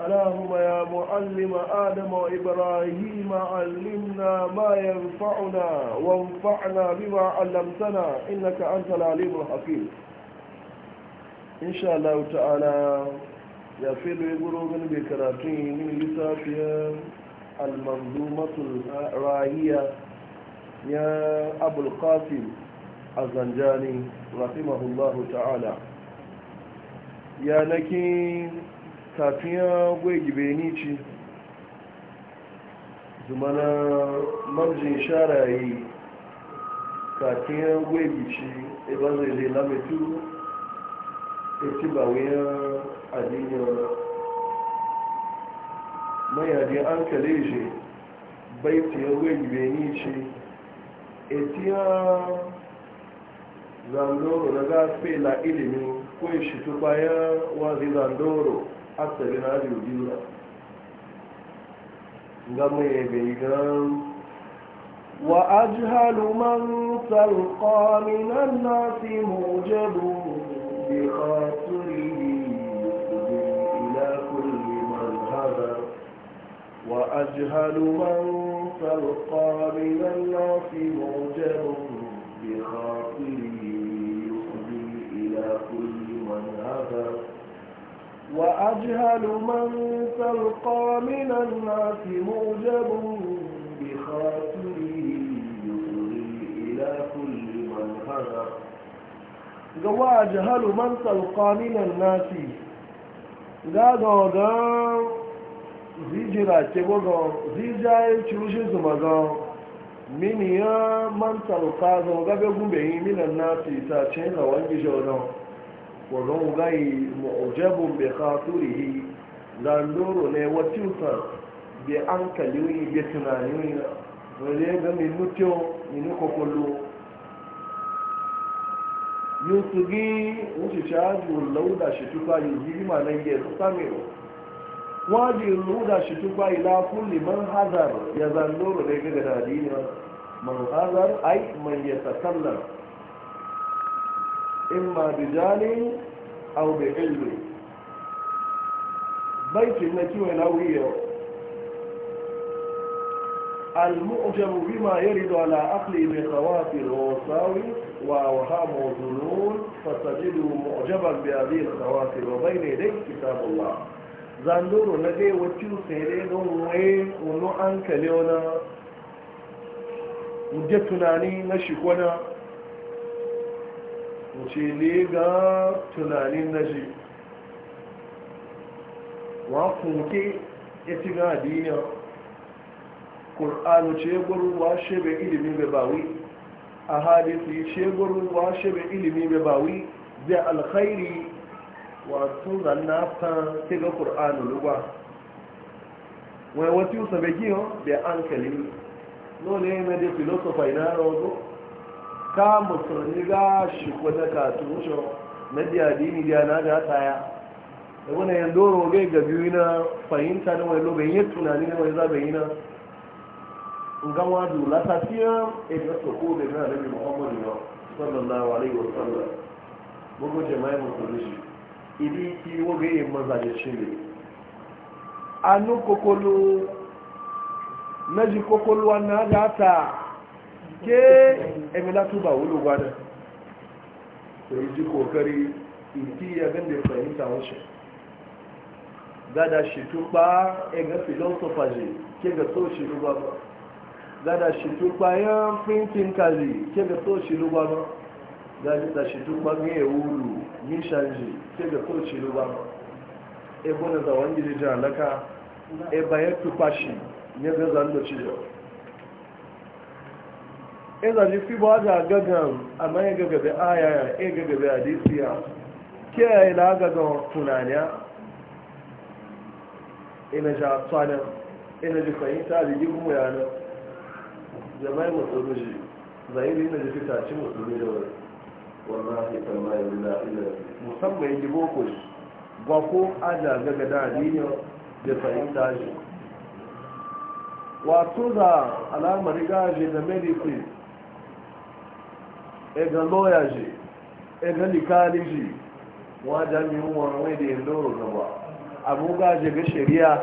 اللهم يا معلم آدم وإبراهيم علمنا ما ينفعنا وانفعنا بما علمتنا إنك أنت العليم الحكيم إن شاء الله تعالى يفيد يقولون بكراتين من لتافيا المنظومة الراهية يا أبو القاسم الزنجاني رحمه الله تعالى يا نكين tafiya gwai gibe ni ci zumana mamjin sharayi tafiya gwai gici iba zai zai lamitu eti ba wuyan adiniyar mai adin an kale shi baitiyar gwai gibe ni ci e ya zandoro na gafe la ilimin kun shi tukwayen wazi zandoro حتى بما لا يجيد الأمر بيجان وأجهل من تلقى من الناس موجب بخاطره إلى كل من هذا وأجهل من تلقى من الناس موجب بخاطره وأجهل من تلقى من الناس موجب بخاطره إلى كل من هرب وأجهل من تلقى من الناس gagoga zijira ke gogon zijaye cirushe zumagon miniyan man talka zo gabe gumbe yi minan nasi ta ce zawon gijonon wagon gai mu'ujabun bai khaturihi landoro ne wacinsa bai an kaliyoyi bai tunani na wani ya gami mutu mini kwakwallo yusu gi wuce shaju lauda shi tuka yi ma na yi su sami waje lauda shi tuka yi la kulli man hazar ya zandoro ne ga dadi ne man hazar ai man ya tasallar إما bijanin أو bi بيت baitin na kiwon بما يرد على عقله بخواطر ووساوس واوهام وظنون فتجده مؤجبا بهذه الخواطر وبين يديك كتاب الله زندور لدي وتشو سيرين دون وين ونو وجدتنا مجتناني نشكونا wuce ne ga tunanin na shi wa kuke ita ci ga adiniya ƙul'anu ce gurwa shebe ilimi bai bawi a hadisi ce gurwa shebe ilimi bai bawi zai alkhairi wato zanna ta ce ga ƙul'anu lugwa wai wasu sabagiyo da an kalimi nole ne da filosofa ina rawazo ka musulmi ga shi kwata katu wuce na biya dini biya na ga tsaya da wani yan doro ga ga biyu na fahimta na wani lobe yin tunani na wani zaɓe yin ga wadu lasafiya e ga soko da na rabi muhammadu ya sallallahu alaihi wa sallam bugu jama'i musulmi shi ibi ki wobe yin mazaje shi ne anu kokolo na ji kokolo na ga ta ke emila tuba wulu gwada to yi ji kokari inti ya gan da fahimta wasu gada shi tuba e ga filosofa ji ke ga so shi ruwa ba gada shi tuba ya printin kazi ke ga so shi ruwa ba gada shi tuba ga ya wulu nishan je ke ga so shi ruwa ba e bona za wani jirgin alaka e bayan tuba shi ne ga zan da cijo iza ji fi ba da gagan amma ya gagabe aya ya gagabe hadisi ya ke ya yi lagagan tunaniya ina ja tsanin ina ji fahimta da gibu mu yana jama'i matsaloji zahiri ina ji fitacin matsaloji da wani wallahi kalma ya wula ila musamman ya gibo ko shi ba ko aja gaga da adiniyar da fahimta shi wato da al'amari gaji da medicine egan lawyer ji egan likali wa jì wani wai da yin gaba abu ga àbúgbà jẹ́ shari'a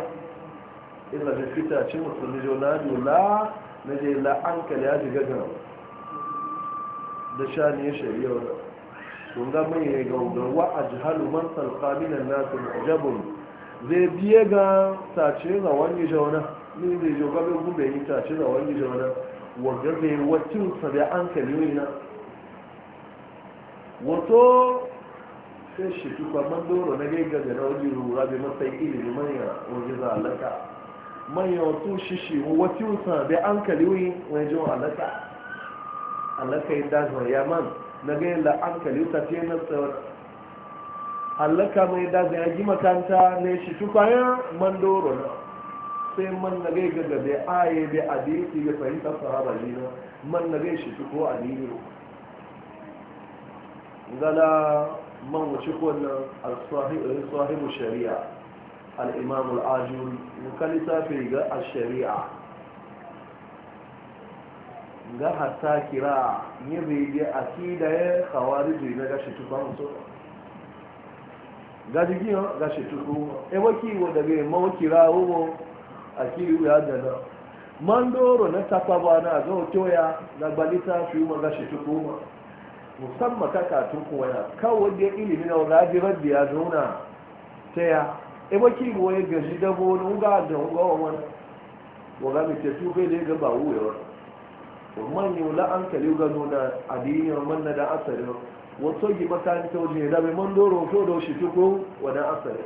illa da fíta ce mo tún lè na je la shari'a ga ya a man nasu zai biye ga tace ga wani jauna ni zai jo gabe gube yi ga wani jauna wadda zai wacin an wato sai shi tuka mandoro na gaiga da rauni rura bai matsayi ilimi manya wajen za alaka manya wato shi shi wata yusa bai an kaliwi wani jin alaka alaka yi dazan yaman na gai da an kaliwi ta fiye na tsawon alaka mai dazan ya ji makanta ne shi tuka ya mandoro na sai man na gaiga da bai aye bai adisi bai fahimta sahaba jina man na gai shi tuko adini gala man wuce kwanan al-sahibu shari'a al-imam al-ajul mukalita fi ga al-shari'a ga hata kira yi rege a kidaye kawari jiri na gashi tukwan so gaji giyan gashi tukwu ewa kiwo daga mawa kira ugo a kiri ya dana mandoro na takwaba na ga otoya na gbalita fi ma gashi tukwu musamman ta katun kowana kawai da ilimi na rabi rabbi ya zauna ta ya ebe ki ruwa ya gaji dabo wani unga da unga wa wani waga mai ke tufe da ya ga ba wuya wani man yi wula an kali ga nuna adiniyar wa manna da asali Wasu yi makaranta wajen da mai man doro to da shi tuku wani asali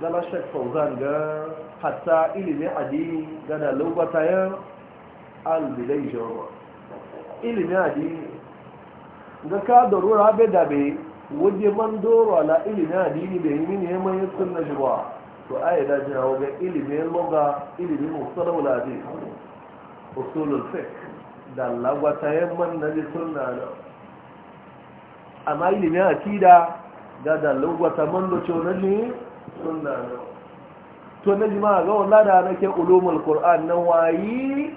gala shek fauzan ga hatta ilimin adini gana ya al bilai jama'a ilimin adini ga ka da rura bai da bai waje man doro ala ilimin adini bai yi mini yamman yin sunna shi ba to a yi daji na wajen ilimin loga ilimin musulun wulade usulun fik da lagwata man na ji sunna na amma ilimin akida da da lagwata man da ce na ji sunna na to na ji ma ga wanda da nake ulumul qur'an nan wayi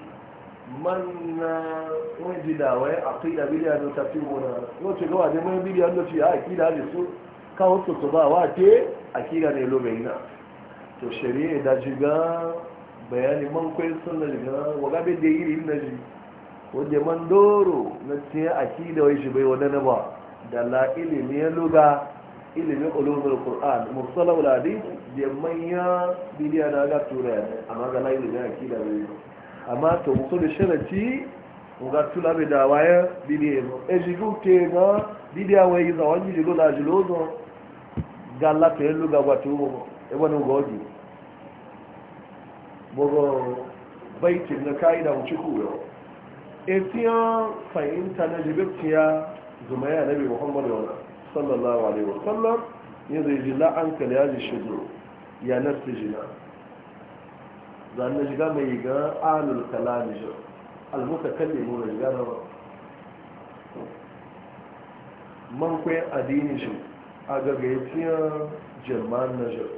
man mun ji jida wai aqida bidiya do ta tiwo na no ce gawa ne mai bidiya do ci aqida ne su ka wato to ba wa te aqida ne lobe ina to shari'a da jiga bayani man kwai sunna jiga waga be da iri na ji wanda man doro na ce aqida wai shi bai wadana ba da la ilimi ya luga ilimi ulumul qur'an mursala wal hadith da manya bidiya da ga tura amma ga la ilimi aqida bai amma to mutu da sharati nga tula be da waya bidiye mo e jigu te na bidiya e, wa yi zawan yi jigu la jilu zo galla to lu ga watu mo e wani goji bogo baitin na kaida mu ciku yo e tiya fahimta na jibtiya zumaya nabi muhammad sallallahu alaihi wasallam yanzu jila an kala ya ji shidu ya nafsi jina zan na shiga mai ga alul kalami shi almutakallimu na shiga na ba man kwaye adini shi a gagaitiyar german na shi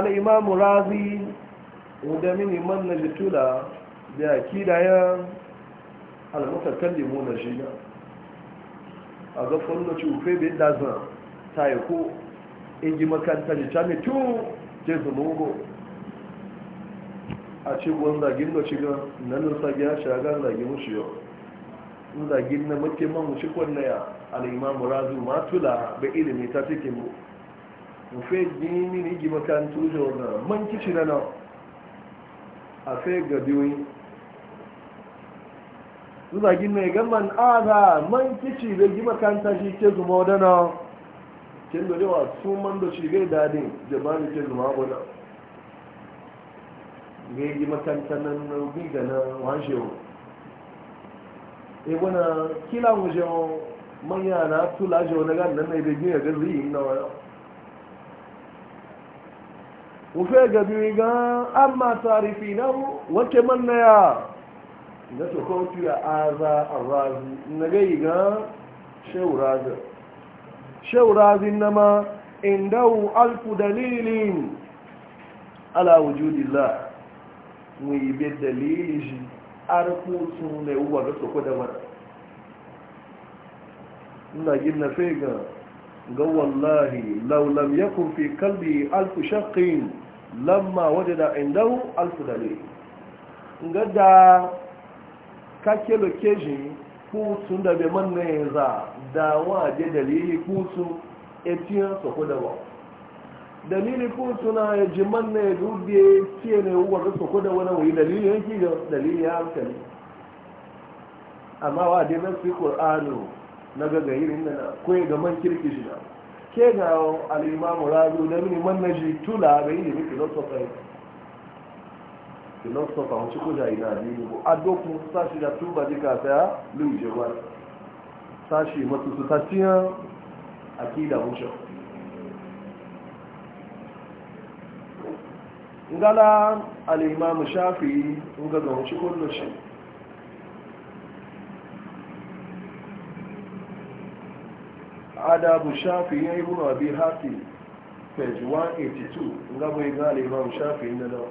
al'imamu razi wadda mini man na jitula da akidaya almutakallimu na shi na a ga fullo ci ufe bai da zan ta yi ko in ji makanta ji cami tu je zumugo a ce gwan zagin da shiga, na nan sa gina zagin mu yau in zagin na mace man mu shi kwanne ya al'imamu razu ma tula bai ilimi ta cikin mu ufe gini ni ji makantu na man kici na nan a fe ga zuba gin mai gaman aza man kici bai gi makanta shi ke zuma wadana kin da su man da shi gai dadin jabani ke zuma wadana gai gi makanta nan na bi da na wanshe wa e wana kila mu je manya na tula je wani gan nan ne bai gi ya gazi yi na wani wufe gabi ga amma tarifi na wake man na ya na tokautu ya aza a razi na gai ga shaurazin shaurazin na ma indahu alfu dalilin ala wujudillah mu yi bi dalilin shi arkutun da yi da soko da mara ina gina sai ga ga wallahi laulam ya fi kalbi alfu shakkin lamma wajada da indahu alfu dalilin ga da kake location kutun da bai manna ya za da waje dalili kutun etiyan sako da ba dalili kutun na ya ji manna ya dubbe ke ne uwa ga sako da wani wani dalili yanki da dalili ya hankali amma wa dai nan fi qur'anu na irin gairin na, ko ga man kirki shi na ke ga al'imamu razu da mini man shi tula bai yi ga ilimi sosai? filosofa wọn ṣíkò jà ìlà àdínú adókun sáṣì ya tó bá díkà àfẹ́ ló ìjọba sáṣì mọ́tútù tàtíyàn àti ìdàmúṣọ ngala al'imamu shafi ngaga wọn ṣíkò lọ ṣe adabu shafi ya yi wuna bi page 182 ngabo igali imam shafi inda lawa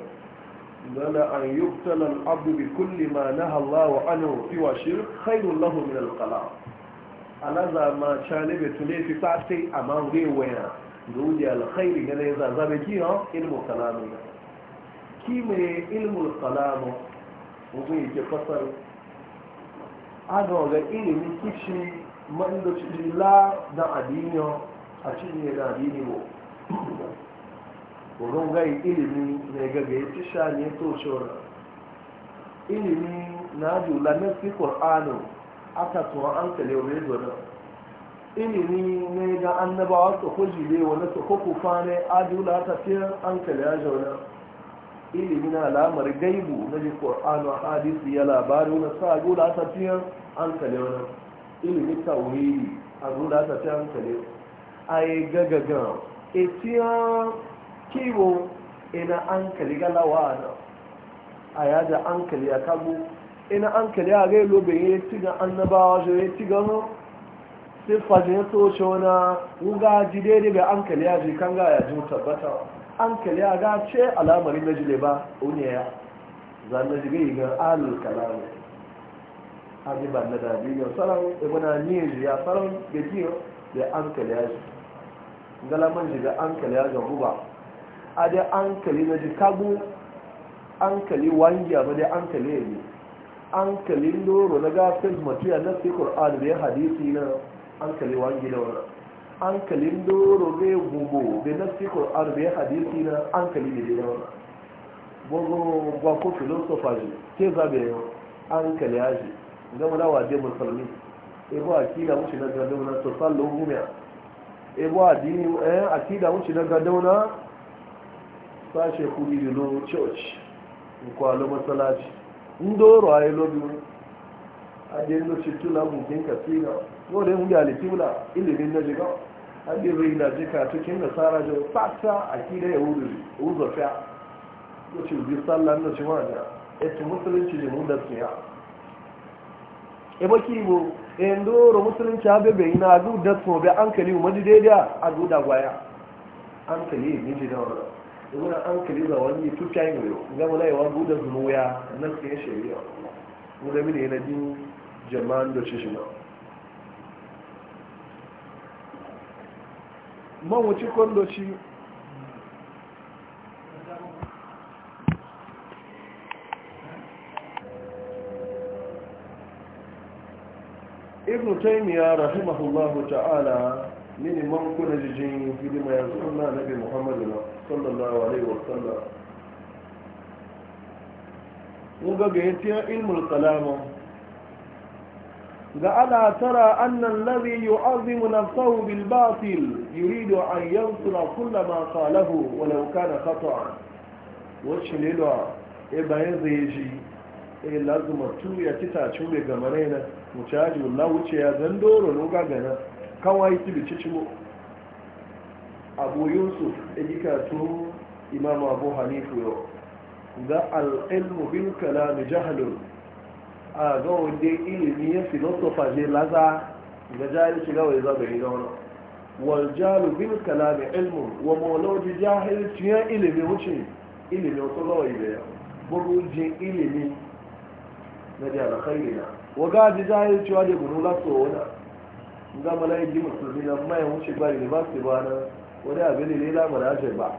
dana an yuktala al'abdu bi kulli ma naha Allah anhu siwa shirk khairul lahu min al A ala za ma chale bai tune fi ta sai amma ngai waya duje al alkhairi ga ne za za be ki ha ilmu kalamu ki mai ilmu kalamu mutum yake fasar ado ga ilimi kishi man da ci la da adinyo a cikin da adini bo wurin gai ilimi mai gaga ya ci sha ne ilimi na jula na fi ƙor'anu aka tuwa an kale wani ilimi ne ga annabawa su kuji ne wani na kuku fane a jula ta fi tẹ̀lé kale ya ilimi na alamar gaibu na ji ƙor'anu a hadisi ya labari wani sa jula ta fi tẹ̀lé kale ilimi tawhidi a jula ta fi tẹ̀lé kale a yi gagagan e kiwo ina an kali galawa na a yada an kali a kabo ina an kali a gai lobe ya ci ga annabawa shi ya ci gano sai fajin ya soce wani wuga ji daidai ga an ya ji kan ga ya ji tabbata an kali a ga ce alamari na jile ba wani ya zanen jiga yi ga alul kalamu a ji ba na dabi ga sarau ibana niyan ya sarau da kiyo da an kali ji galaman jiga an kali a ga ruba a dai an kali na jikagu an kali wangiya ba dai an kali ne an kali loro na gafin matuya na fi ƙor'an da ya hadisi na an kali wangi da wani an kali loro ne gugu da na fi ƙor'an da ya hadisi na an kali ne da wani gbogbo gwakon filosofa ne ke zaɓe yau an kali ji gama na waje musulmi ebo akida wuce na gadauna to sallo gumiya ebo adini eh, akida wuce na gadauna sashe kudi da lo church kwalo matsalaci ndoro a yi lobi adin lo tula wadda yin gali tula ilimin na jiga jika cikin da tsara a kira ya wuzo fiya ci bi na ci wada e musulunci ne mun da ebe kibo e musulunci abebe ina gudatsu be an a wani an kiri za wani tu kyan yoyo gama na yawan buɗe zunuya nan ke shari'a mu da mini yana jin jaman da shi shina man wuce kondo ibn taymiya rahimahullahu ta'ala mini man kuna jijin hidima ya sunna nabi muhammadu na sallallahu alaihi wa sallam mun ga ga yatiya ilmul kalama ga ala tara anna alladhi yu'azzimu nafsahu bil batil yuridu an yansura kulla ma qalahu walau kana khata'a wacce ne da e bayan zai ji e lazuma tu ya tita cin bai gamare na mutaji wallahi wuce ya zan doro no ga gana kawai ti bi cicimo abu yusuf edika to imamu abu hanifu yau ga al'ilmu bin kalami jahalun a ga wanda ilimi ya filosofa ne laza ga jahil shiga wai zaga ne zauna wal jalu bin kalami ilmu wa mawlaudi jahil ciya ilimi wuce ilimi wasu lawai da yau buru jin ilimi na jihar khairina wa ga ji jahil ciwa da gunu lasowa nga mala yi musulmi na mai wuce ba ne ba ba na wani abin ne la mala je ba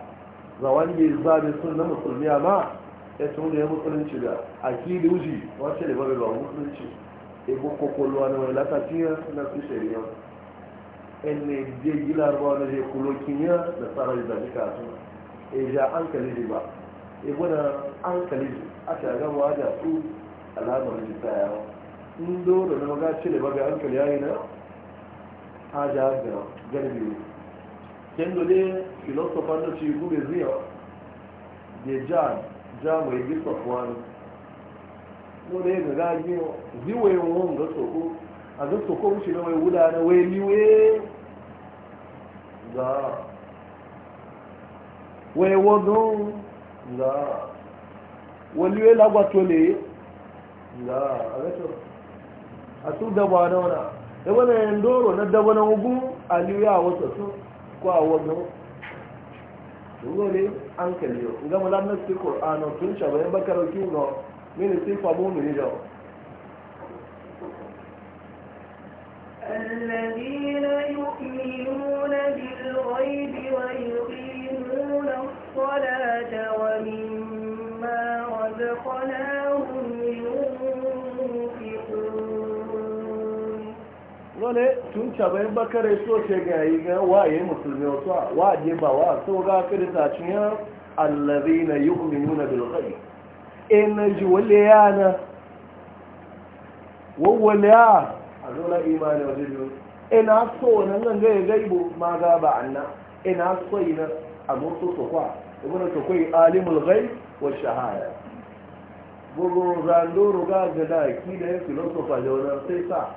za wani zabe sun na musulmi ma? ya tun da ya musulunci da da uji wace da babu musulunci e ko kokolwa na wani latafiya na su shari'a ne je gila ruwa na je kulokinya da tsara da zalika su e ja an kaliji ba e gwada an kaliji a ta gaba da su alamar jita yawa in dole na maga cile babu hankali yi na haja ga garbi kendo ne filosofa da ci gube ziyo da ja ja mai gisof wani no ne ga gaji ziwayen won ga soko a ga soko wuce na mai wuda na wai liwe ga wai wadon ga Wai lagwato ne ga a ga to a su da ba na wana da wani yan doro na daba na hugu a ya wata su ko a wannan dole an kalliyo ga mu lan nasi tun shaba yan bakaro ki go mini sai fa mu da الذين يؤمنون بالغيب ويقيمون الصلاة ومما رزقناهم wale tun cabayin bakare so ce ga yi ga waye musulmi wasu a waje ba wa so ga kirta cinya allazi na yi uminuna bilkai in ina ji wale ya na wawwale ya a zola imani wajen yi ina so na nan ga gaibu ma ga ba anna ina so yi na a mutu so kwa ibn tukwai alimul gai wa shahaya gogo zandoro ga gada ki da filosofa jaunar sai sa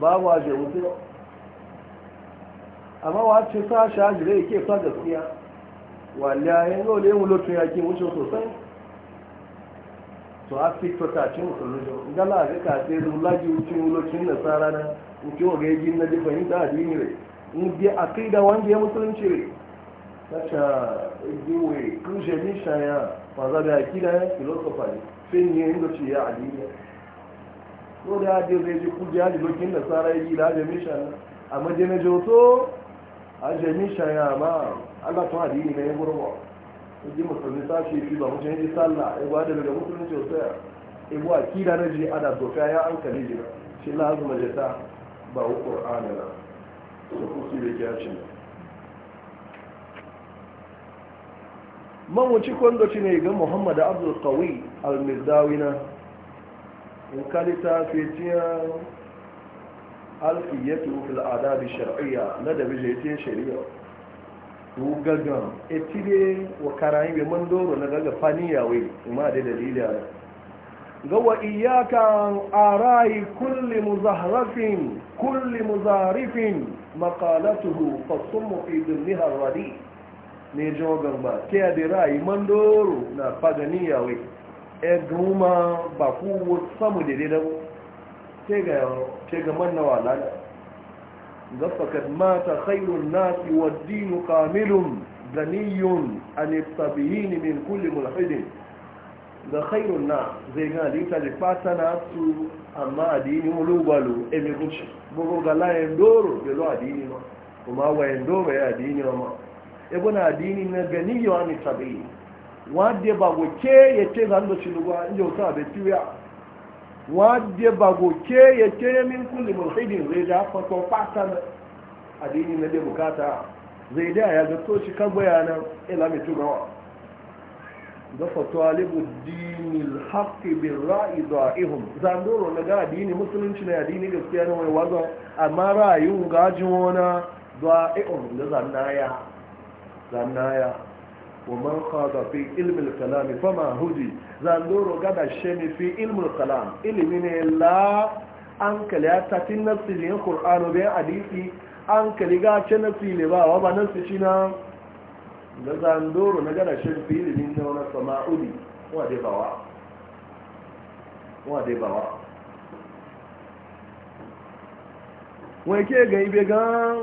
babu a jewutu ba amma wace sa shaji zai ke sa gaskiya wanda ya yi ole yin lotun yaƙi wucin sosai to a fi tota cin musulmi gala ga kafe zulagi wuce lotun nasara na wucin wa gaji na ji fahimta a dini re in bi a kai da wanda ya musulunci re sacha giwe eh, kun shemi shaya ba za da yaƙi da filosofa ne fin yi inda ce a adini ko da hajji zai ji kuje hajji dokin da tsara yi da hajji misha a madina joto hajji misha ya ma allah tun hadi na ya gurba ji musulmi ta ce fi ba mutane ji sallah ya gwada daga musulmi sosai ya gwa kira na ji ana ka ya an kali jira shi la azuma jata ba wa qur'ana na so ku su da kiyashi ne kwando kwando ne ga muhammad abdul qawi al-mizdawina in kalita fetiyar alfiyyatu fil adabi shar'iyya na da bijaitin shari'a ku gaga etire wa karayi be man doro na gaga faniya wai ma da dalili a ga wa iyyaka arai kulli muzahrafin kulli muzahrifin maqalatuhu fasummu fi dhimmiha radi ne jogan ba ke da rai man doro na paganiya wai goma ba kuwa samu daidai da ke ga mannawa lada gafakat mata khairun nasi wa dinu kamilun ganiyun anistabiyin min kulli mulhidin da khairun na zai gana da ita da fata na su amma adini olubalo emekuci gbogbo ga layan doro belo adini ma kuma wayan doro ya adini ma ebe na adini na ganiyun anistabiyin wadda ba goke ya ce zan da shi lugwa inda wata abe yete wadda ba goke ya ce min kulli mulhidin zai da fato fata na adini na da bukata zai da ya zato shi kan bayanan ilami turawa da fato alibu dinil haƙƙi bin ra'i zandoro na ga adini musulunci na adini gaskiya na wani wazon amma ra'ayin gajin wani da'ihum da zannaya zannaya ومن خاض في علم الكلام فما هدي زندور قد الشم في علم الكلام إلي من الله أنك لا تتن نفسي لين قرآن وبين عديثي أنك لقاء نفسي لبا وما نفسي شنا زندور نقد الشم في علم نونا فما هدي وادي بوا وادي بوا وكي غيبي غان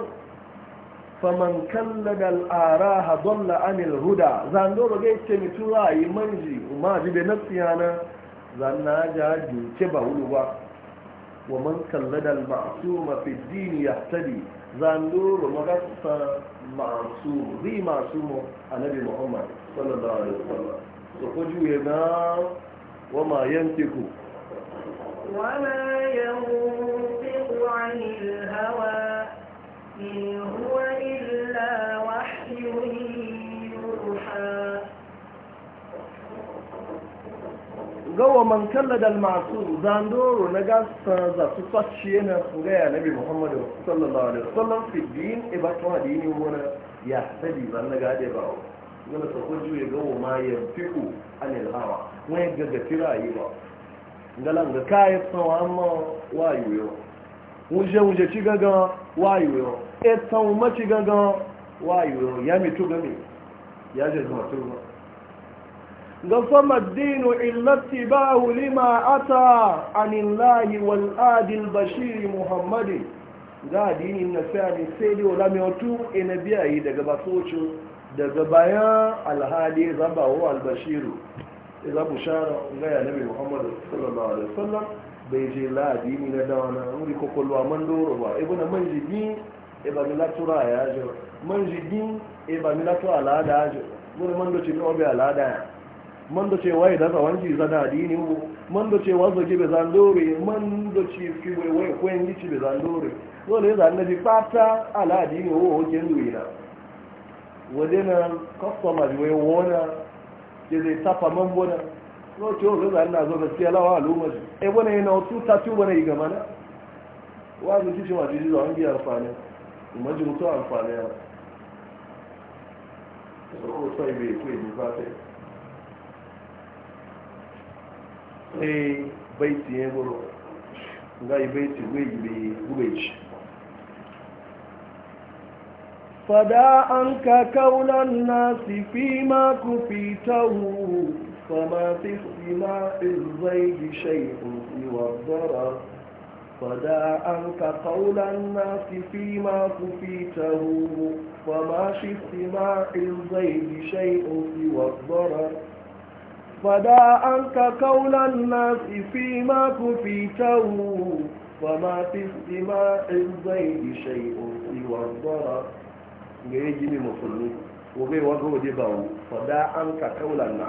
faman kallaga al'araha dalla anil huda zando ba gai ce mitu ra'ayi manji ma ji da nafsiya na zanna ja juce ba wulu ba wa man kallaga al'asuma fi dini ya tabi zando ba magasa masu zi masu mu annabi muhammad sallallahu alaihi wasallam so ko juye na wa ma yantiku wa ma yantiku anil hawa gawa man da masu zandoro na gasa za su fashe na gaya nabi muhammadu sallallahu alaihi wasallam fi din ibatu ba to hadini wona ya sabi ban na gade ba wala ta ko juye gawa ma ya fiku anil hawa wani gaggafi ga tirayi ba ngalan ga sawa amma wayo wunje wunje ci gangan wayo etan ma ci gangan wayo ya mitu gami ya je zuwa turba ga sama dinu illati ba'u lima ata anillahi wal adil bashir muhammadin ga addinin nasani sai dai wala mai ina e biya yi daga basoci daga bayan alhali zaba wa albashiru e ila e bushara ga ya Muhammadu muhammad sallallahu alaihi wasallam bai je ladi ni na dawa na wuri kokolo a man doro ba ibu na man jigi e ba mi latura ya jo man e ba mi latura alada jo wani man do na obi alada ya man do ce wai da zawon ji zana adini ubu man do doce wazo ji be zandore man do ci fi wai wai kwen ci be zandore dole ya zan naji fata ala adini ubu hoke nduina wadena customer wai wona ke zai tafa man bonan roke e wa gaza ina na gaskiya lawa al'umma shi e bane yana wasu tafi bane yi gama na kishi wa jiji zuwa amfani kuma ji ha amfani ya so sai bai kuwa ji ba sai baiti ya goro ga yi baiti gwai فدا عنك كول الناس فيما كفيته فما في اصطناع الزيد شيء سوى الضرر فدع عنك قول الناس فيما كفيته فما في اصطناع الزيد شيء سوى الضرر فدع عنك قول الناس فيما كفيته فما في اصطناع الزيد شيء سوى الضرر ga yi gini musulmi ko bai wazo waje ba fada an ka kaulan na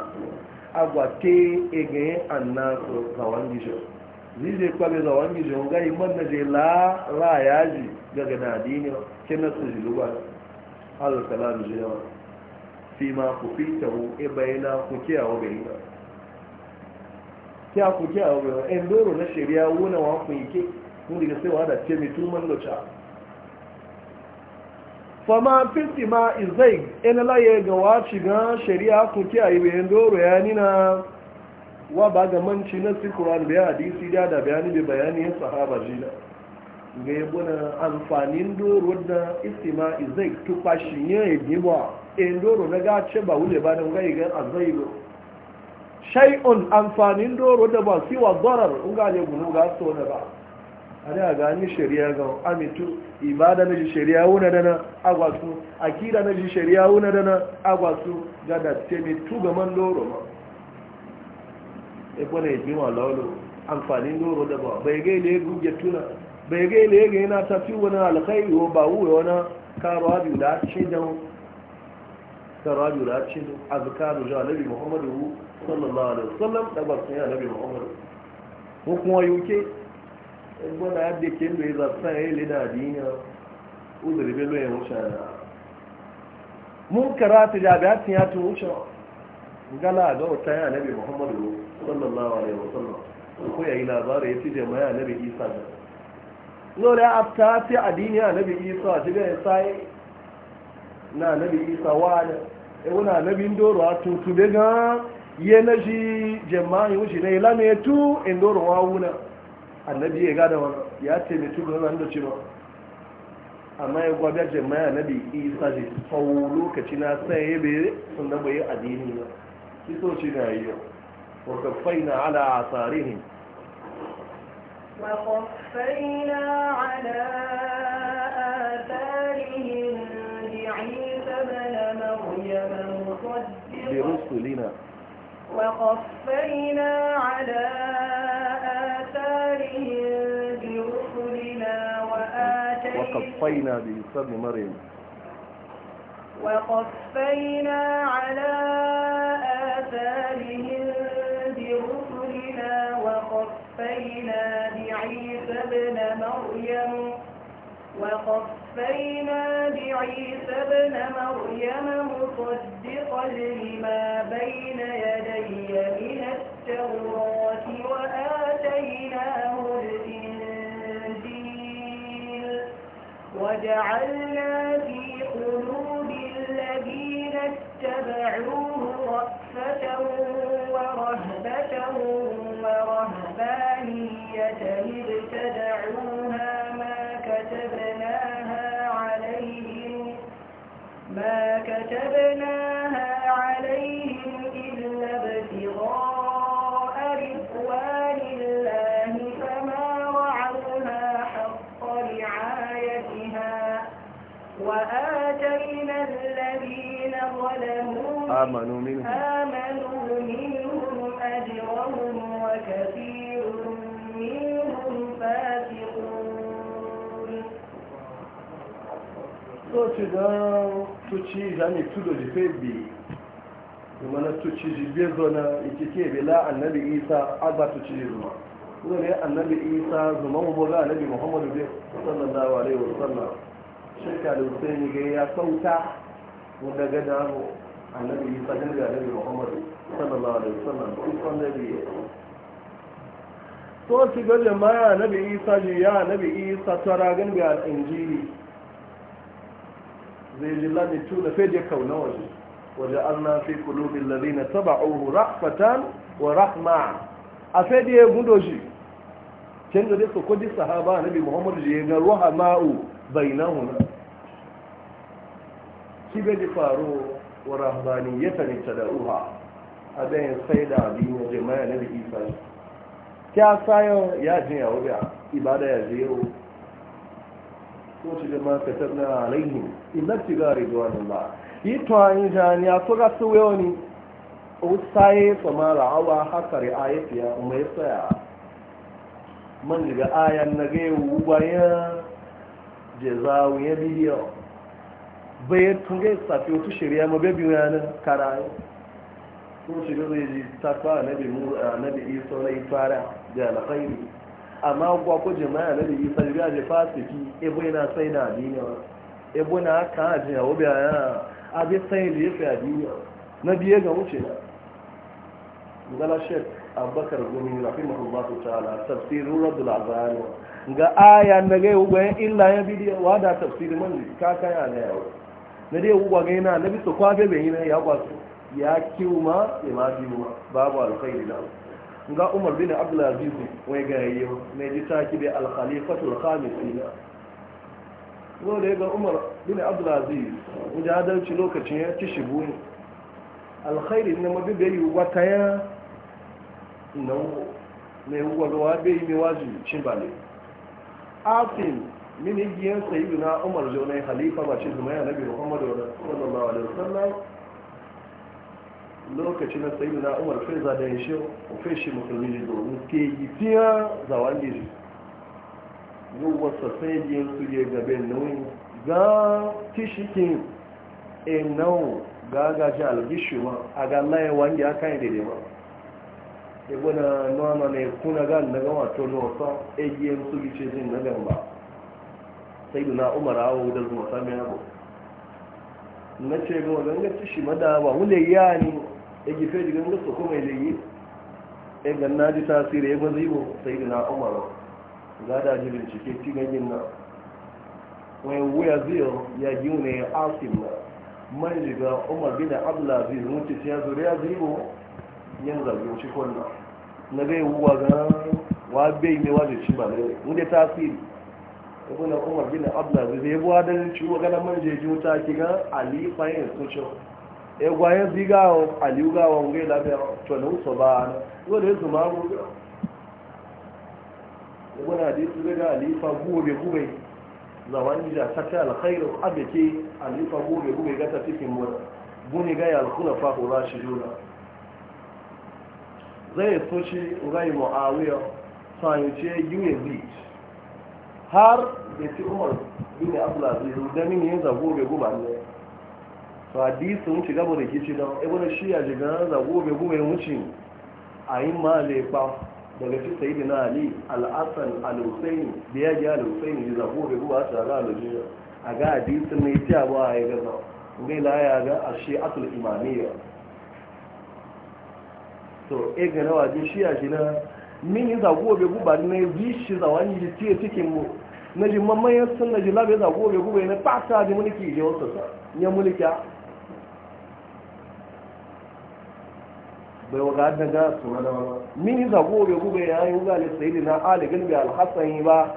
agwate ege anna zawan gijo zije kwabe zawan gijo ga iman na je la ra yaji daga na dini kenan su ji ruwa kala kalam je yawa fi ma ku fi ta hu e bayna ku ke awo bayna ke ku ke awo bayna en doro na shari'a wona wa ku yake mun diga sai wa da ce mi tuman locha fama fiti ma izai ina laye ga waci ga shari'a ku kiyaye bayan doro ya nina wa ba ga manci na si Qur'an da hadisi da da bayani da bayani ya sahaba jina ga buna amfanin doro da istima izai tukwa shi ne ya diba e in doro na ga ce ba wule ba nan ga ga azai ba. shay'un amfanin doro da ba si wa darar unga gunu ga so da ba a da gani shari'a ga amitu ibada na ji shari'a wuna dana agwasu akira na ji shari'a wuna dana agwasu ga da temitu ga man loro ma E na ebi ma lolo amfani loro da ba bai gai ne guge tuna bai gai ne ga yana tafi wani alkhairu ko ba wuwa wani karo abu da ce don karo abu da ce don azkaru ja nabi muhammadu sallallahu alaihi wasallam da ba sun yi nabi muhammadu ko kuma yuke gbọ́nà àdèké ló ìzà sáà èlé náà dì ó zèrè bẹ́ lóyè ń ṣe ya mú kàrà àtẹjà àbí àti yàn tó ń ṣọ ngálà àdó ọ̀tá yà nẹ́bí muhammadu sallallahu alaihi wa sallam ko ya yi labarai ya ci jama'a nabi isa da lori afta ce addini a nabi isa a ya sai na nabi isa wani ewuna nabin doro a tuntube ga yi na shi annabi ya gada wani ya ce mai tuba zan da cewa amma ya gwa biyar jama'a annabi isa ne tsawo lokaci na sai ya bere sun da bai addini ba kiso shi na yi yau wa kafaina ala asarihim وقفينا على آثارهم بعيسى بن مريم مصدقا برسلنا وقفينا على وقفينا بعيسى مريم وقفينا على آثارهم برسلنا وقفينا بعيسى ابن مريم وقفينا بعيسى ابن مريم مصدقا لما بين يديه وجعلنا في قلوب الذين اتبعوه رأفة آمنوا منهم آمنوا منهم أجرهم وكثير منهم فاسقون Soci don tuci zane tudo di febbi, mana tuci jibiyar zona ikike bela annabi isa agba tuci zuma. Kuma ne annabi isa zuma mu buga annabi Muhammadu bai sallallahu alaihi wasallam. Shekaru sai ni ga ya sauta mu daga damu annabi yi sadin ga annabi muhammad sallallahu alaihi wasallam duk wanda bai yi so ci gaje ma ya annabi isa ji ya annabi isa tara gan ga injili zai ji lami tuna fe je kauna waje waje an na fi kulubin lalina taba'uhu rahmatan wa rahma a fe je gudo shi can da su kudi sahaba annabi muhammadu je ga ruha ma'u bainahuna Ki bai faruwa. wa rahbaniyatan ibtada'uha adan saida abin jama'a na biki fa ya sayo ya jin ya wuya ibada ya zero ko ci jama'a katabna alaihim illa tigari duwanullah yi to an jani ya to ga su wani o sai samara awa hakari ayatiya mai tsaya man daga ayan na ga bayan jazawu ya bidiyo bayan tun ga safi shirya ma bebi wani kara sun shirya zai ji takwa a nabi musa na ifara da alkhairi amma kuwa ko jama'a nabi isa ji ga jefa siki ebo yana sai na adini wa ebo na aka aji a obi aya a bi sai da yafi adini na biye ga wuce na gala shek abubakar gumi rahimahullahu ta'ala tafsirun radul azani ga aya na ga yi illa ya bidiyo wa da tafsirin man kaka ya na yawa na dai ugwa ga yana na biso kwafe bai yana ya kwasu ya kiwu ma ya ma biyu ma babu alkhairi da ga umar bin abdulaziz wai ga yayi ne ji taki da al-khalifatul khamis ko da ga umar bin abdulaziz inda adalci lokacin ya ci shigo ne alkhairi ne ma bai yi wata ya nan ne ugwa ga wa bai yi mai wajibi cin bale afin min yiyan na umar jonai halifa ba ce zuma ya nabi muhammadu sallallahu alaihi wasallam lokaci na na umar fe da yashe fe shi musulmi ne domin ke yi fiya za wani ne yau wasa sai yin su ya gabe nauyin ga kishikin e nau ga gaji algishi ma a ga laye wani ya kan daidai ma ya gwada nuna ne kuna gan daga wato na wasa egiyen su gice jin sai na umar Awa da zuwa sami abu na ce ga wadanda ci shi mada ba wule ya ne ya gife ji ganga su kuma ya yi ya ganna ji tasiri ya mazi bu sai na umar ga da ji bincike ci ganyen na wai wuya ziyo ya yi ne ya asim na man ji ga umar bin abdulaziz mutu ya zuri ya zibo yin zargi wuce kwanna na ga yi wuwa ga wa bai ne wa ci ba ne wunde tasiri ibn umar bin abdulaziz zai buwa da ci magana man je ji wuta ki ga ali fayin su e eh, gwaye ziga ali uga wa ngai da to na so ba zo da su ma mu da hadisi ga ali fa gobe gobe zawani da sata alkhairu abike ali fa gobe gobe ga ta cikin mu buni ga ya alkhuna fa jula zai so shi mu muawiya sai ce yuwe beach har da ci umar bin abdulaziz da min yin zago bai guba ne to hadisi wuce gaba da kici don shi ji jiga zago bai guba yin wuce a yi ma daga ci sayi na ali al'asan al da ya ji al ji zago bai guba ta ga a ga hadisin ne ji abu a yi gaza la ya ga ashe asul So e eh, ga ji shi min yi zago bai guba ne shi cikin mu na ji mamayar sun na ji labe za gobe gobe na fata ji mulki je wasu ya mulki bai waga da ga su wani mini za gobe gobe ya yi wuga ne sai na ali bai alhassan yi ba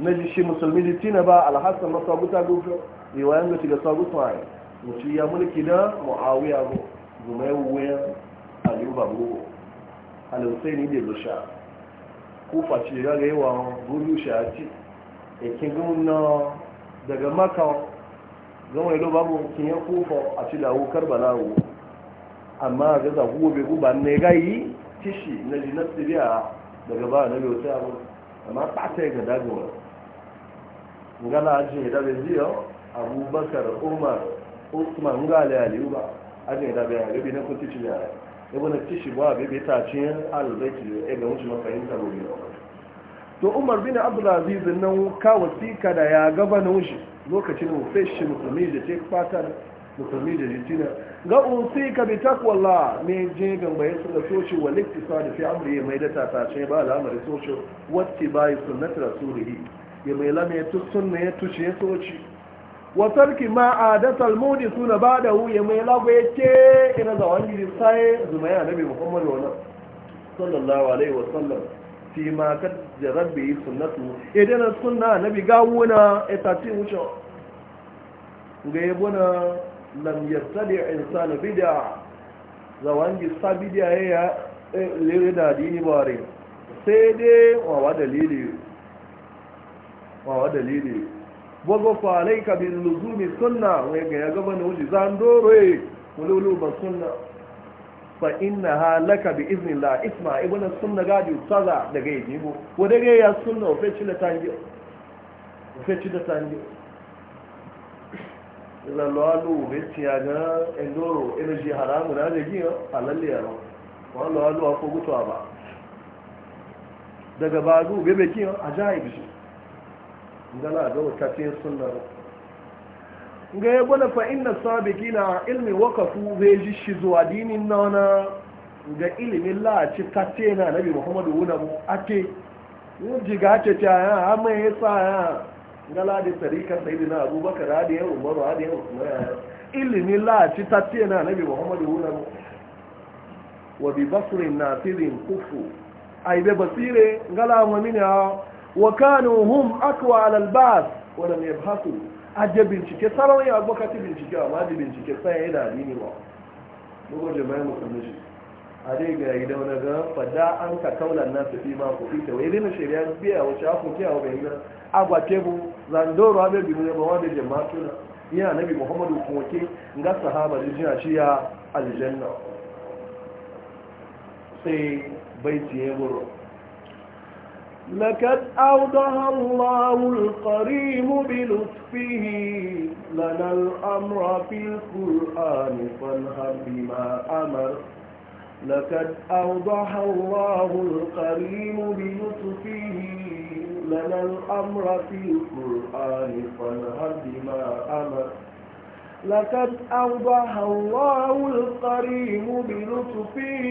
na ji shi musulmi ji tina ba alhassan na sabuta gobe riwayan ga shiga sabuta ne mutu ya mulki na mu'awiya go zumai wuyan aliyu babu alhussaini da lusha kufa ce ya ga yi wa gulu shi a ci ya na daga maka gama ilo babu kin ya kofa a ci lawo karbala wo amma ga na gobe guba ne gayi tishi na jinasibiya daga ba na biyu abu amma ba ta ga dagowa ngala ajin da bai ziyo abubakar umar usman ga aliyu ba ajin da bai ga bi na kuti ci da ya bana tishi ba bai bai ta cin albaiki ya ga mutum fahimta gobe to umar bin abdulaziz nan ka wasika da ya gabanin shi lokacin shi musulmi da ce fatar musulmi da jitina ga usika bi takwalla ne je gambaye su da soci wa liktisa da fi amri ya mai da tatace ba al'amari soci wacce ba yi sunnat rasulihi ya mai lame tu sunna ya tushe ya soci wa tarki ma da salmoni suna ba da hu ya mai lagu ya ke ina da wani sai zuma ya nabi muhammadu wa sallallahu alaihi wa sallam fi ma da rabbi sunnatu idan sunna nabi gawuna tati wucho ga yebona lam yattabi insan bid'a zawangi sabidiya ya lele da dini bare sai dai wawa dalili wawa dalili bogo fa alayka bil luzumi sunna wai ga ya gaba ne wuce zan doro eh ba sunna fa inna ha laka bi iznillah isma ibn sunna gadi ustaza daga yajibu wa daga ya sunna ofe ci da tangi ofe ci da tangi ila lalu be ci aga endoro energy haramu na da giyo alalle ya wa lalu a ko gutuwa ba daga bazu be be kiyo ajaib shi ngala da wata tin sunna ga ya gwada fa inna sabiki na ilmi wakafu zai ji shi zuwa dinin na ga ilimin la'aci ta kace na nabi muhammadu wuna mu ake yin jiga ce ta ya amma ya sa ya gala da tarikan sai na abubakar hadi ya umaru hadi ya umaru. ilimin la'aci ta kace na nabi muhammadu wuna mu wa bi basirin na nasirin kufu ai be basire gala mu mini wa kanu hum akwa alal bas wa lam yabhasu aje bincike salon ya gwakati bincike ma da bincike sai yana adini ba bugu jama'i musulmi shi a dai ga yi da wani ga fada an ka kaulan na su fi ma ku fita wai rina shirya biya wace aku ke hau bai nan agwa tebu zandoro abin bi ne ba wanda jama'a tuna iya nabi muhammadu kuma ke ga sahaba da jina shi ya aljanna sai bai tiye gurur لقد أوضح الله القريم بلطفه لنا الأمر في القرآن فالهب بما أمر لقد أوضح الله القريم بلطفه لنا الأمر في القرآن فالهب بما أمر لقد أوضح الله القريم بلطفه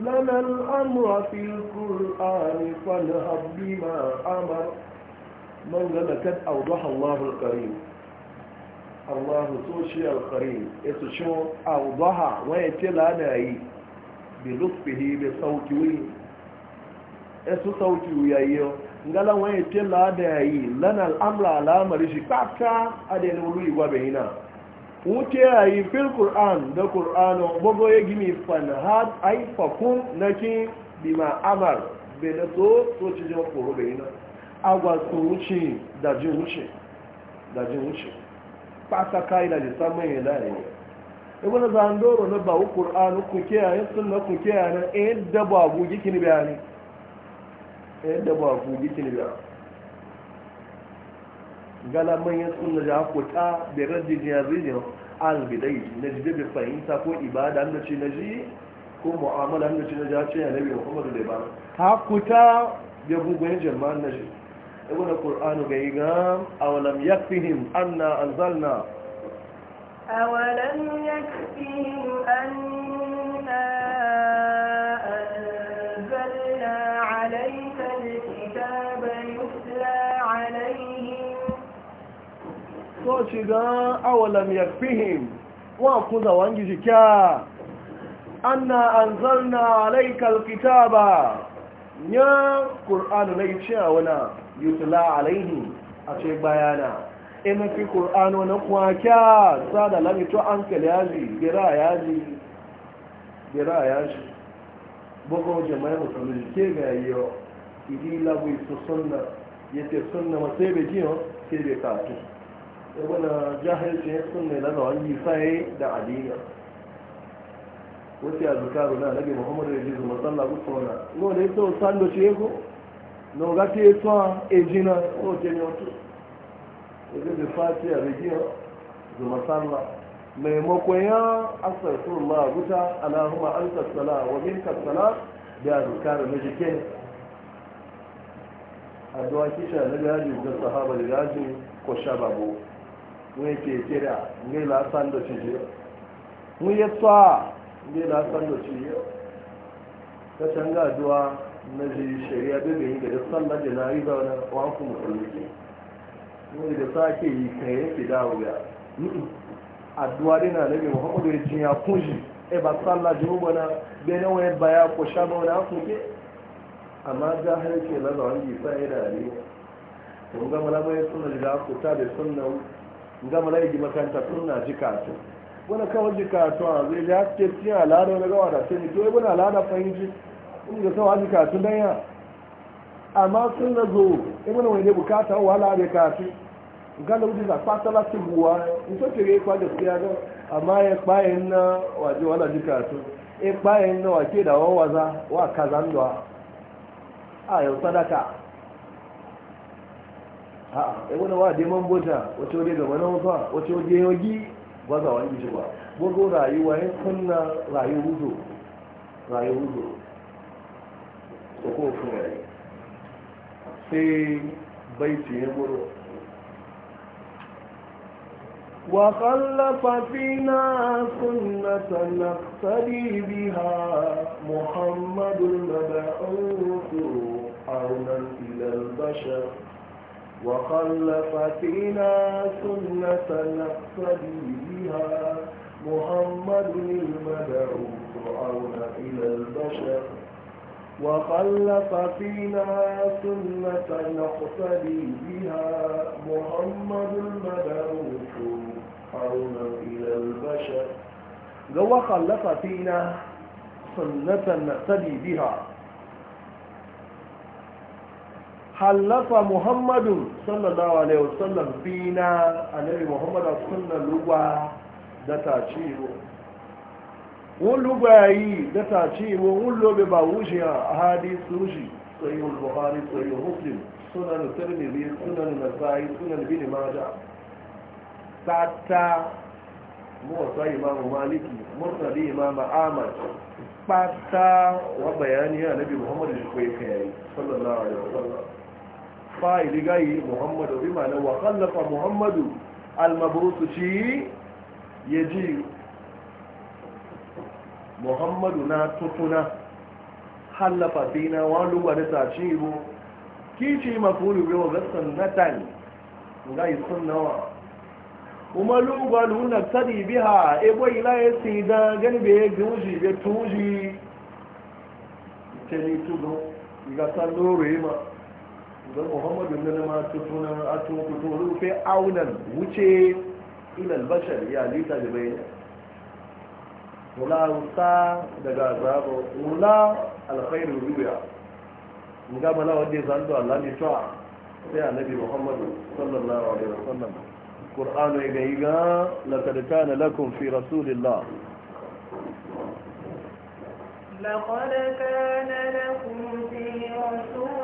لنا الأمر في القرآن فانهب بما أمر من لقد أوضح الله القريم الله توشي القريم يتشون أوضح ويتلا ناي بلطفه بصوته esu sauki wuyayyo ngalan yi tella da yayi lana al'amra al'amari shi kaka a da yana wuri gwa bayina wuce yayi fil qur'an da qur'ano bogo ya gimi fan had ai fakun naki bima amar to ci jo ko be na agwa wuce da wuce da kai da ta mai da ne ibn zandoro na ku ke yayi ku ke eh, gikin gala manyan sunna da hako ta da rajin ya zai al bidai na jibe bai fahimta ko ibada na ce na ji ko mu'amala na ce na ji hace ya nabi da kuma da ba hako ta da gugun jama'an na ji ibn qur'an ga yi ga awalam yakfihim anna anzalna awalam yakfihim na. so ci gan awalam ya fihim wa kuza wangi jikya anna anzalna alayka alkitaba nya qur'anu lai cewa wana yutla alaihi a ce bayana ina fi ƙur'anu na kuwa kwakya sada lami to an kale yaji gira yaji gira yaji boko jama'a musulmi ke ga yo idi labu sunna yace sunna suna sai be jiyo sai be katu wani jahilcin sunne na zawon yi sai da adina wasu ya zukaru na nabi muhammadu ya jizu matsala ku tsona no ne to sando ce ko no ga te to ejina o te ne otu e ga de fati ya rigiyo zu matsala mai makoya ma guta alahuma an tattala wa min tattala da zukaru na jikin addu'a kisha na gaji ga sahaba da gaji ko sha babu wọ́n ti kéré ní lásán ló ti yẹ wọ́n yẹ tó a ní lásán ló ti Ta canza gaduwa na ji shari'a bebe yi da sallar da na yi riba wani wanku musulmi wani da sake yi kan yake dawo ya addu'a dina na bi muhammadu ya eh, jiya kunji e ba sallah sallar na, bai bene wani baya ko sha ba wani hakuke amma ga harke na zawon gisa ya da ne kun ga malamai suna da ta da sunan gama na yi makaranta tun ji wani kawo ji a zai ya ce tiyan al'ada wani gawa da sai ne to ibina al'ada fahimci in ga kawai ji kato don ya amma sun na zo ibina wani bukata wahala da kato gana wuce za kwata buwa in so kere da siya ga amma ya kpayen na waje wala ji ya na da wawaza wa a yau sadaka a wani wa dai man bota wace waje gaba na wafa wace waje yogi ba za wani ji ba bugu rayuwa ya kunna rayu hudu rayu hudu ko ko kuma sai baiti ya buru وخلف فينا سنة نقتدي بها محمد المبعوث عونا إلى البشر وخلف فينا سنة نقتدي بها محمد المدعو فرعون إلى البشر وخلف فينا سنة نقتدي بها محمد المبعوث فرعون إلى البشر لو خلف فينا سنة نقتدي بها hallafa muhammadu sallallahu alaihi wasallam bina annabi muhammadu sunna lugwa da ta ci wọn lugwa yi da ta ci wun lobe ba wuce a hadisu shi sayyid buhari sayyid muslim sunan tirmidhi sunan nasai sunan bin maja tata muwasa imamu maliki mursali imamu ahmad pata wa bayani annabi muhammadu shi kai kai sallallahu fa'ili gayi muhammadu bi ma'ana wa kallafa muhammadu almabrusu ci ya ji muhammadu na tutuna hallafa dina wa lugba da ta ci bu kici mafuri bi wa gassan natan gayi sunnawa kuma lugba luna tsari biha ebo ila ya si da gani be guji be tuji teni tugo iga sallore ma don muhammadu nuna ma tutuna a tuku turu fi aunan wuce ilal bashar ya lita da bai wula wuta daga zaba wula alkhairu ruya nga mala wadda zan to Allah ne to sai annabi muhammadu sallallahu alaihi wasallam qur'anu ya gayi ga laqad kana lakum fi rasulillah لقد كان لكم في رسول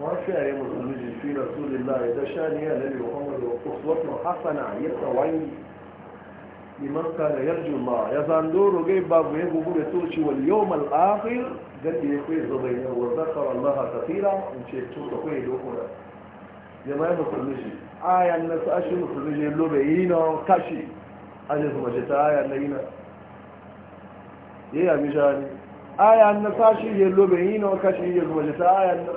وفي في رسول الله إذا شان يهلل محمد وقصوة حسنة يتوعي لمن كان يرجو الله دور غيب باب يقول بسوشي واليوم الآخر قد يكوي الزبينة وذكر الله كثيرا إن شئتم تكوي لكنا جماعة مسلمين آية الناس أشي مسلمين لبعينا كشي أجل مجتا آية النبينا إيه يا مجاني آية الناس أشي يلبعينا كشي يلبعينا آية الناس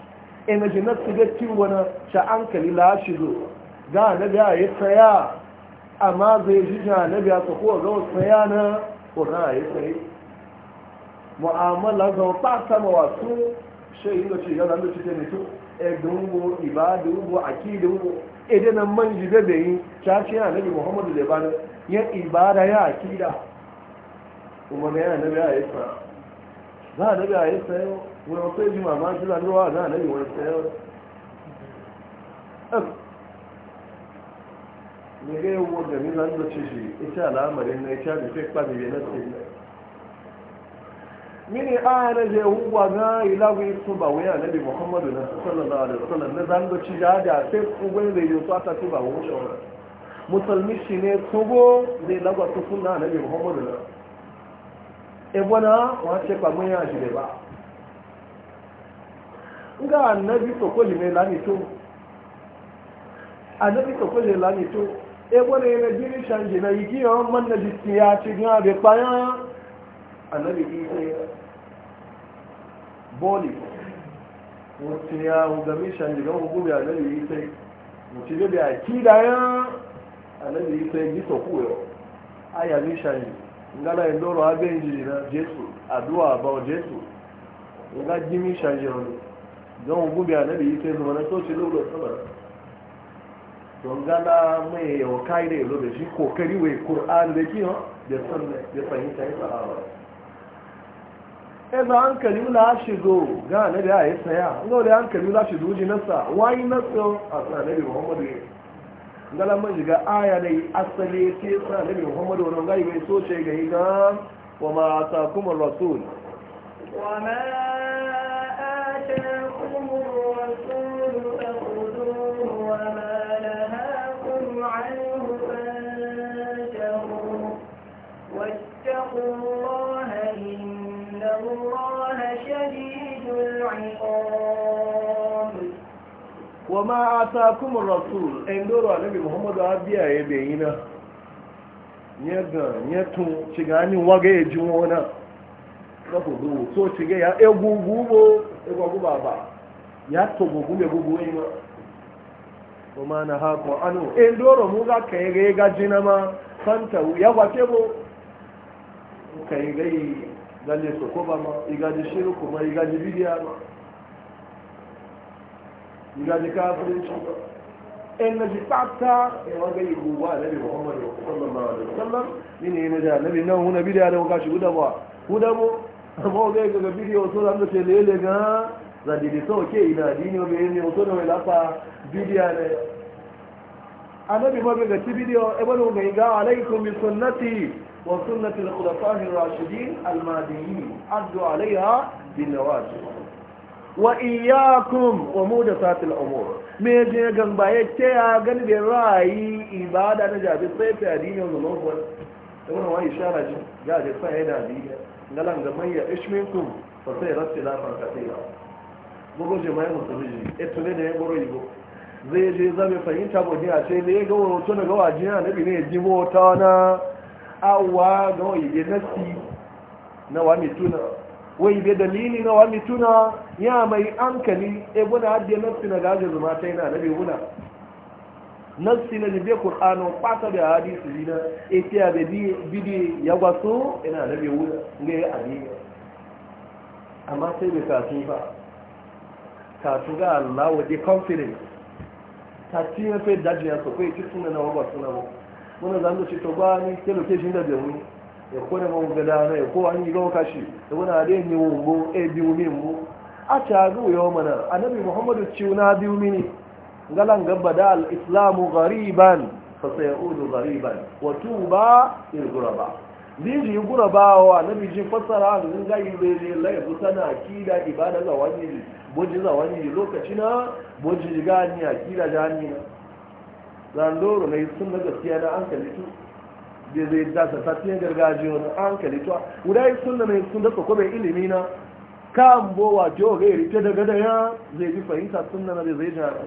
ina ji na su gatti wani sha'ankali lashizo ga annabi ya yi tsaya amma zai ji na annabi ya sa kowa gawa tsaya na ƙura ya yi tsaye mu'amala zama ba sama wasu shayin da ce yana da cikin mutu edungu ibadungu akidungu edenan man jibe da yi caci yana nabi muhammadu da bani ya ibada ya da, kuma na yana nabi ya yi tsara za a daga ya sayo wani wasu yi mama shi zanuwa za a daga wani sayo ne ga yi wo gami zan da ci shi ita al'amarin na ita da fi kpami bai na ce mini a na je huwa na ilagun sun ba wuya nabi muhammadu na sallallahu alaihi wasallam na zan da ci da da sai kugun da yi su aka ci ba wuce musulmi shi ne tubo zai lagwata sunna bi muhammadu na ebona wọn ṣe pàmò yẹn àjùlẹ̀ nga anabi tokoli ne lani anabi tokoli lani ebona yẹn jiri sanji na yìí kí yẹn mọ nàbi tìyà ti ya? àbẹ̀ pààyàn anabi kì í Boli, wọ́n tìyà ọ̀gàmí sanji náà wọ́n anabi yìí ṣe wọ́n ti bẹ̀rẹ̀ àkídà ya? anabi yìí ṣe yìí tọ́kù yẹn ayà mi ngala indoro abenji na jesu adua ba jesu nga jimi shajon don gubi anabi ite zuma na soci lolo sama don gala mai yau kai da yalo da shi kokari wai qur'an da kiyo da sunna da fahimta ya sahaba eza hankali la go ga anabi ya saya ngo da hankali la shigo jinasa wai nasa a anabi muhammadu ngala man shiga aya dai asali ce sa nabi muhammadu wannan gai bai so ce ga yi wa ma ta kuma rasul wa ma wa ma ta kuma rasul ɗan doro annabi muhammadu abiya ya bayi na ya ga ya tun shiga ni waga ya ji wona ka ku du so shiga ya egugu bo ba baba ya to gugu gugu yi ma wa ma na hako anu ɗan doro mu ga kai ga ga jina ma fanta ya wace ka kai ga yi lalle so ko ba ma igaji shiru kuma igaji bidiya ma إلى ذكاب الإنسان إن جفعت إرغي هو نبي محمد صلى الله عليه وسلم من هنا جاء نبي إنه هنا بيدي على وقاش هدى هو هدى هو هو غيك بيدي وصول عمد سيلي لك زادي دي سو كي إلى ديني وبيني وصول عمد أفا بيدي على أنا بيبقى بيجا تي فيديو إبنو ميجا عليكم بسنتي وسنة الخلفاء الراشدين المهديين عدوا عليها بالنواجذ wa iyakum wa mudasatil umur me je gamba yake ya gani da rayi ibada na jabi sai ta addinin ko to wannan shara ji ga da ga ya fa sai rasila fa katira je mai da ya boro yigo zai je zabe fahimta bo a ce na wai da dalili na wani tuna ya mai ankali e buna hadiya nafsi na gajin zuma ta yana na bai buna nafsi na jibe qur'ano kwata da hadisi dina e tiya da bidi ya gwaso ina na bai buna ne ya ali amma sai bai kasu ba kasu ga Allah waje confidence ta ci na fai dajiya so kai ci suna na wagwa suna mu muna zan da shi to ba ni ke location da bai wuni ekone mu gada na Da gadano ekowa nyiga okashi ebona ali enyiwumbu ebiwumimbu eh, ati aguyo mana annabi muhammadu na biyu ciuna biwumini ngalanga bada al islamu ghariban fasayaudu ghariban wa tuba lil ghuraba biji ghurabawa annabi ji fasara ga ibeje lai busana akida ibada ga wani boji za wani lokaci na boji gani ni akida jani na zandoro ne sun na gaskiya da an kalli da zai da sassafiyan gargajiya wani an kalituwa guda yi sun da mai sun dasa kome ilimi na kan bowa jiyo ga irike daga da ya zai ji fahimta sun da zai zai jara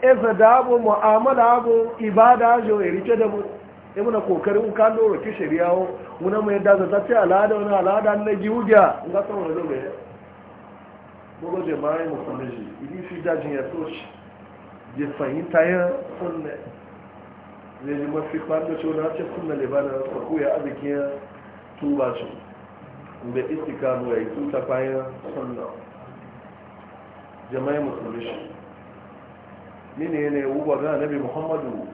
eza da abu mu'amala abu ibada jiyo irike da mu ya muna kokarin kan doro ki shari'a wo muna mai da sassafiyan al'ada wani al'ada na giwudiya in ga sauran zo mai gbogbo jama'a yi musulmi ji ibi fi dajin ya so shi je fahimta ya sunne zai ji mafi kwanda ce wani hace kunna libana a kuya arzikin tuba ce da istika mu ya yi tuta bayan sunna jama'i musulmi shi ni ne ne wuba ga nabi muhammadu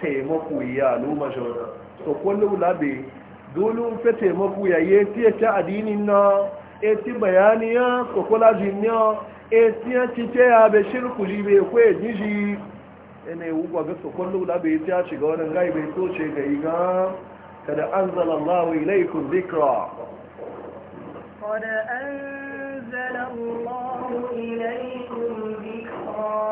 taimako ya al'umma shi wani to kwallo labe dole fe taimako ya yi fiye ta adinin na eti bayaniya kwakwala jiniya eti ya cike ya be shirku jibe kwe jiji ina wuba ga su kwallo da bai ta shiga wani gai bai so ce ga iga kada anzala Allahu ilaykum dhikra qad anzala Allahu ilaykum dhikra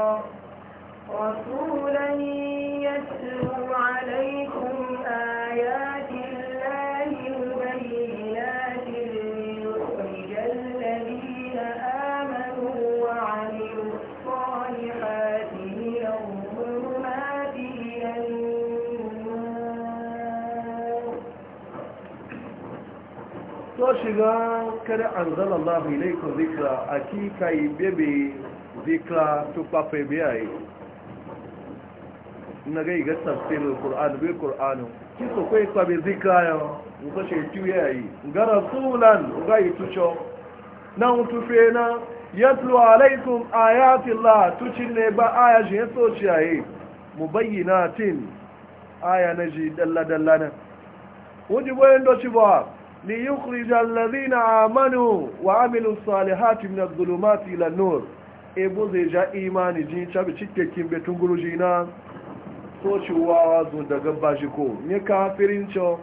ba kada an zala Allah ilaikun zikra a kika yi bebe zikra tukwafe biyaye na gai ga tafsirin ƙur'an bai ƙur'anu kisa kwai kwabe zikra yau nka shaitu ya yi ga rasulan ga yi tuco na tufe na yatlu alaikum ayatillah tucin ne ba aya shi ya soci yayi mubayyinatin aya na ji dalla dalla na wuji boyen doci ba ليخرج الذين آمنوا وعملوا الصالحات من الظلمات إلى النور ebo zai ja imani jin cabi cikakken betun guruji na socewa zo daga bashi ko ya kafirin co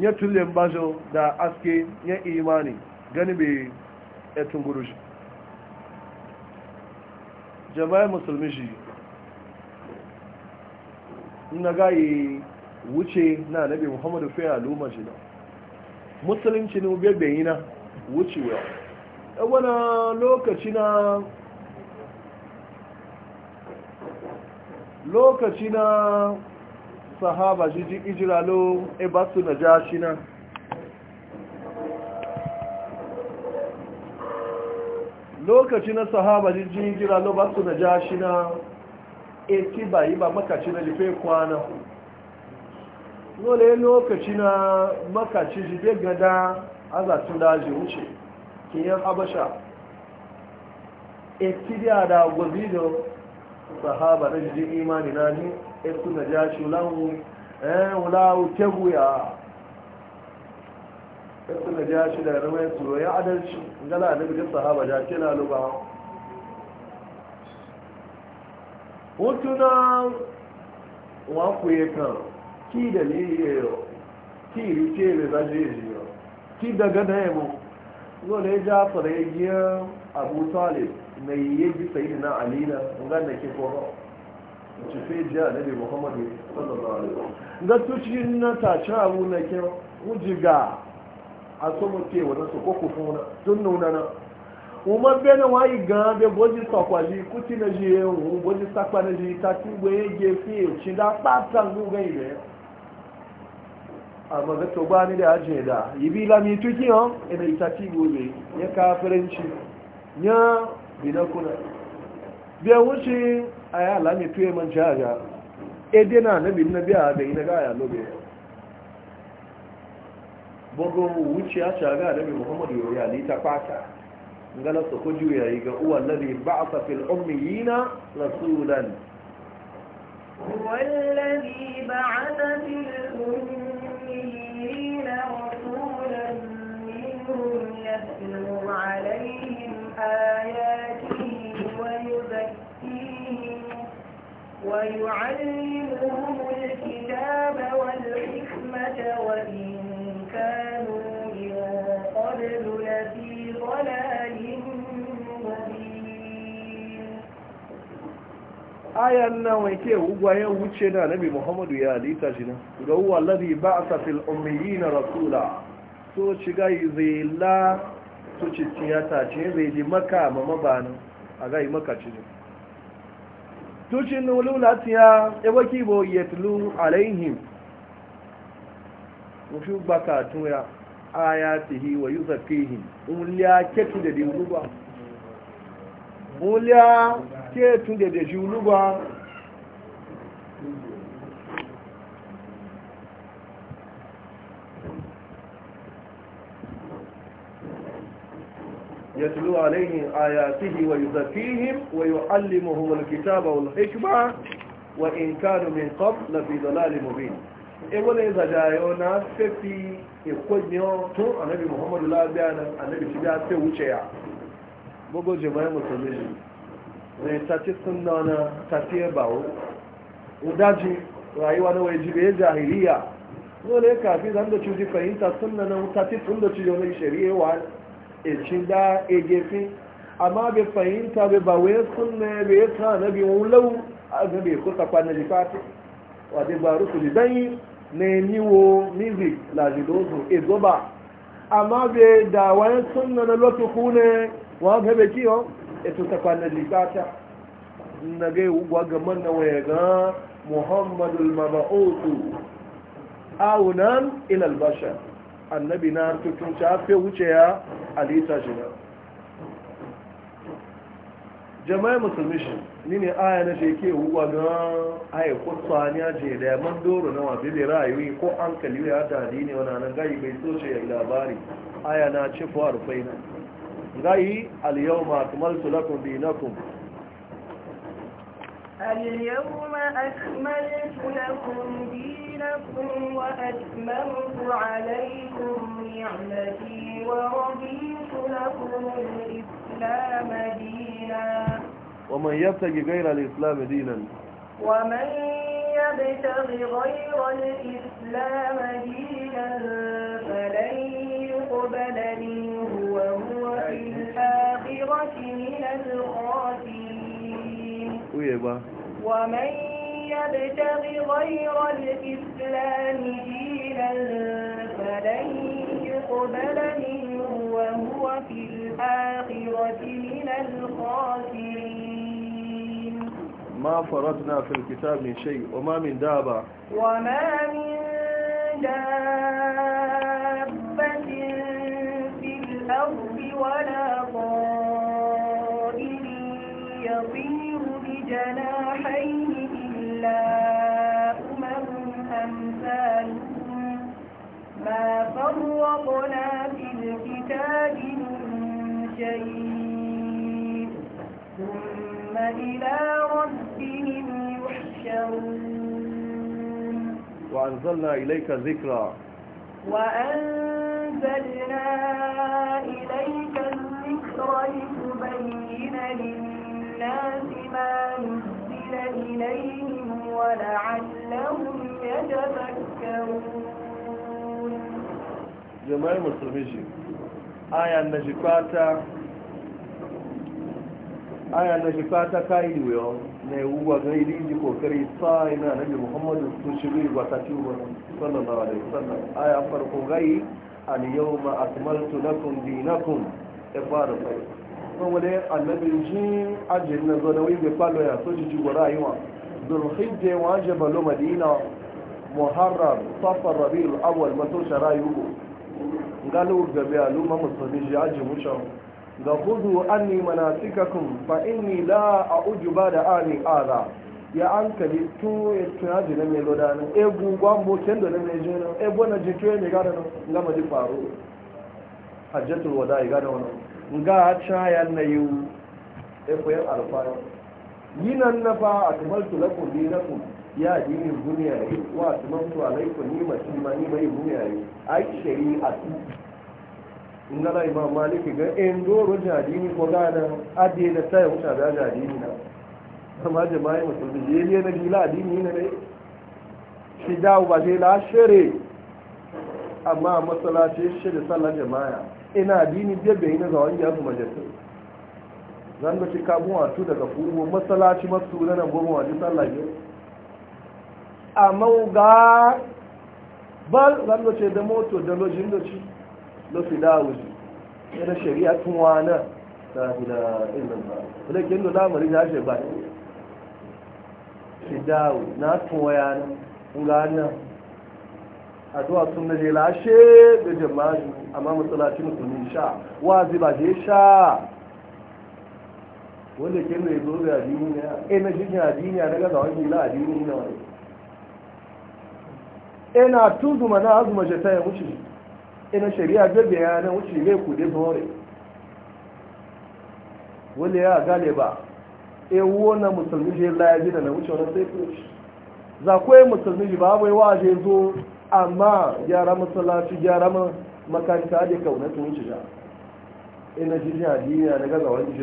ya tullen bashi da aske ya imani gani bai etun guruji jama'a musulmi shi na gaye wuce na nabi muhammadu fiye al'umma shi musulunci ne bebe yi na wucewa wani lokaci na lokaci na sahaba jiji ijiralo e ba su na ja shi na lokaci na sahaba jiji ijiralo ba su na ja shi na e ti bayi ba makaci na jife kwana dole lokaci na makaci shi ji gada azatun daji wuce kiyan abasha ekiriya da gwazido sahaba na jijin imani na ni etu na ja shi lawu eh wulawu tegu ya etu na ja shi da ramai turo ya adalci gala da bijin sahaba ja ke laluba hutu na wakwe kan ki dalili yayo ki rice da za shi yi ki daga da yamo zo ne ja farajiyar abu talib mai yaji sayi na alina ngan da ke koro ci fe ji a muhammadu sallallahu alaihi na tace na ke ujiga a so mu ke wani su ko kufu na tun nuna na kuti na ta ti gbe ge fi o amma ga to bani da ajiye da yi bi lami tuki yon ina itati gobe ya kafiranci ya binakuna biya wuce a ya lami tuye man jaja ede na nabi na biya da ina ga ya lobe bogo wuce a shaga nabi muhammadu yau ya lita fata ngala su ku juya yi ga uwan lari ba'asa fil ummiyina rasulan هو الذي بعث في الأمة المؤمنين رسولا منهم يتلو عليهم آياته ويزكيهم ويعلمهم الكتاب والحكمة وإن كانوا من قبل لفي ضلال ayan na wai ke ugwayen wuce na nabi muhammadu ya halitta shi nan ga huwa a ba'atha fil na rasula so gai zai la so ci tiyata zai ji maka ma mabanin a gai maka ci tucin nulula tiya ebaki bo yatlu alaihim mushu baka tuya ayatihi wa yuzakkihim un liya ketu da dinguba bóyá tí è tún dẹ̀dẹ̀ ju olúgbà yẹtùlú aléhìn àyàtíhì wà yóò zàfíhì wà yóò alìmọ̀hùn olùkìtàbà olùhẹ́kùbá wà ìǹkanu mìíkọ́p lọ́fìdọ́lá alìmọ̀bí ewole zàjáyọ na fẹ́fí ìkójíọ́ tún anábì ya? gbogbo jama'i musulmi ne ne tafi sunna na tafi bawo udaji rayuwa na waje bai jahiliya dole kafi zan da cuji fahimta sunna na tafi sun da cuji wani shari'a wa ecin da egefi amma bai fahimta bai ba wai sunna bai ta na bi lau. a ga bai kusa kwana jifati wa dai ba rusu jidan ne niwo music la E ezoba amma bai da wani sunna na lotu kune wa gabe kiyo eto ta kwana libata na ga wa ga manna waya ga muhammadul mabu'u nan, ila bashar annabi na tutun fe wuce ya alita ta na jama'a musulmi shi ni ne aya na shi ke huwa ga aya ko tsaniya je da ya man doro na wa bibi rayuwa ko hankali ya dadi ne wani nan gai bai so ce ya labari aya na ce fuwa rufai na غاي اليوم أكملت لكم دينكم اليوم أكملت لكم دينكم وأتممت عليكم نعمتي ورضيت لكم الإسلام دينا ومن يبتغي غير الإسلام دينا ومن يبتغي غير الإسلام دينا فلن يقبل منه الخيرات ومن يبتغ غير الإسلام دينا فلن يقبل منه وهو في الآخرة من الخاسرين ما فرضنا في الكتاب من شيء وما من دابة وما من دابة فرقنا في الكتاب من شيء ثم إلى ربهم يحشرون وأنزلنا إليك ذكرى وأنزلنا إليك الذكرى لتبين للناس ما نزل إليهم ولعلهم يتفكرون jama'ar musulmi shi aya na shi fata ka yi wuyo na yi wuwa ga yi ji kokari sa ina nabi muhammadu sun shigo ba ta ci wa sallallahu alaihi wasallam aya farko gai al yawma akmaltu lakum e fara sai kuma dai annabi ji ajin na zo da wai bai ya so ji ji gora yi wa dhulhijja madina muharram safar rabiul awwal mato sharayu galu gabe al'umma musulmi shi aji wucin ga kudu an ni mana sikakun in ni la a uju ba da ani aza ya an kali tun ya tuna ji na mai loda nan e gugwa mokin da na mai ji nan e bona ji tuye mai gada nan gama ji faru hajjatul wada ya gada wani ga caya na yiwu e koyan Yi nan na fa a kamar tulakun dinakun ya dini buniyari wa tumantu alaikum ni mace ma mani mai buniyari ai shari'atu in gana imam maliki ga in doro jadini ko gana ade da sai wuta da jadini na amma jama'i musulmi je ne na gila dini ne ne shi dawo ba sai la shari amma masallaci shi da sallar jama'a ina dini bai ina ga wani yasu majalisar zan ga shi kabuwa su daga kuma masallaci masu nan goma wajen sallar yau a mauga bal zan da ce da moto da lojin da ci lofi da wuji ya da shari'a tun wana ta fi da ilmin ba wadda ke yin da lamari na shi ba shi dawo na tun waya na kula na addu'a sun da je lashe da jama'a amma matsalacin musulmi sha wazi ba je sha wanda ke yin da ya zo da adini na ya eh, na shi ne adini na gaza wani gila adini na wani ina na azuma jata ya wuce ina shari'a gabe ya na wuce bai kude bore wani ya gane ba ewuwo na musulmi je layaji da na wuce wani sai kuce za yi musulmi ba bai waje zo amma gyara masallaci gyara makaranta da kaunatun wuce ja ina adini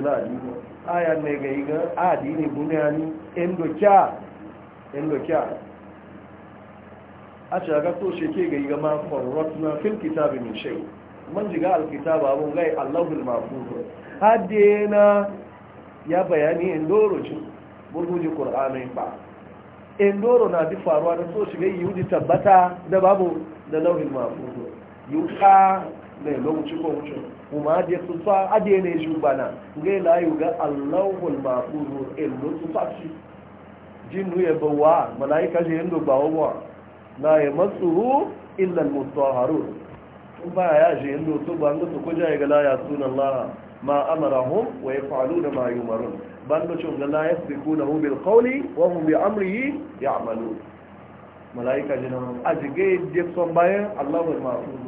na adini aya adini endokya a ce ga to shi ke gari gama farratna fil kitabi min shay man jiga al kitaba abun gai allahul mahfuz hadena ya bayani endoro ji burguji qur'ani ba endoro na bi faruwa da so shi gai wuji tabbata da babu da lauhin ka na yi lokaci ko wuce kuma da su fa adene ju bana gai la yuga allahul mahfuz endoro su fa shi jinnu ya bawa malaika je endo bawa la ya matsuhu illal mutahharun in ba ya je yin lotu ba ga su kuja ga la ya sunan laha. ma amarahum wa ya yaf'aluna ma yumarun ban da cin ga la yasbikunahu bil qawli wa hum bi amrihi ya'malun malaika jinan ajige je son bayan Allah wal ma'fuz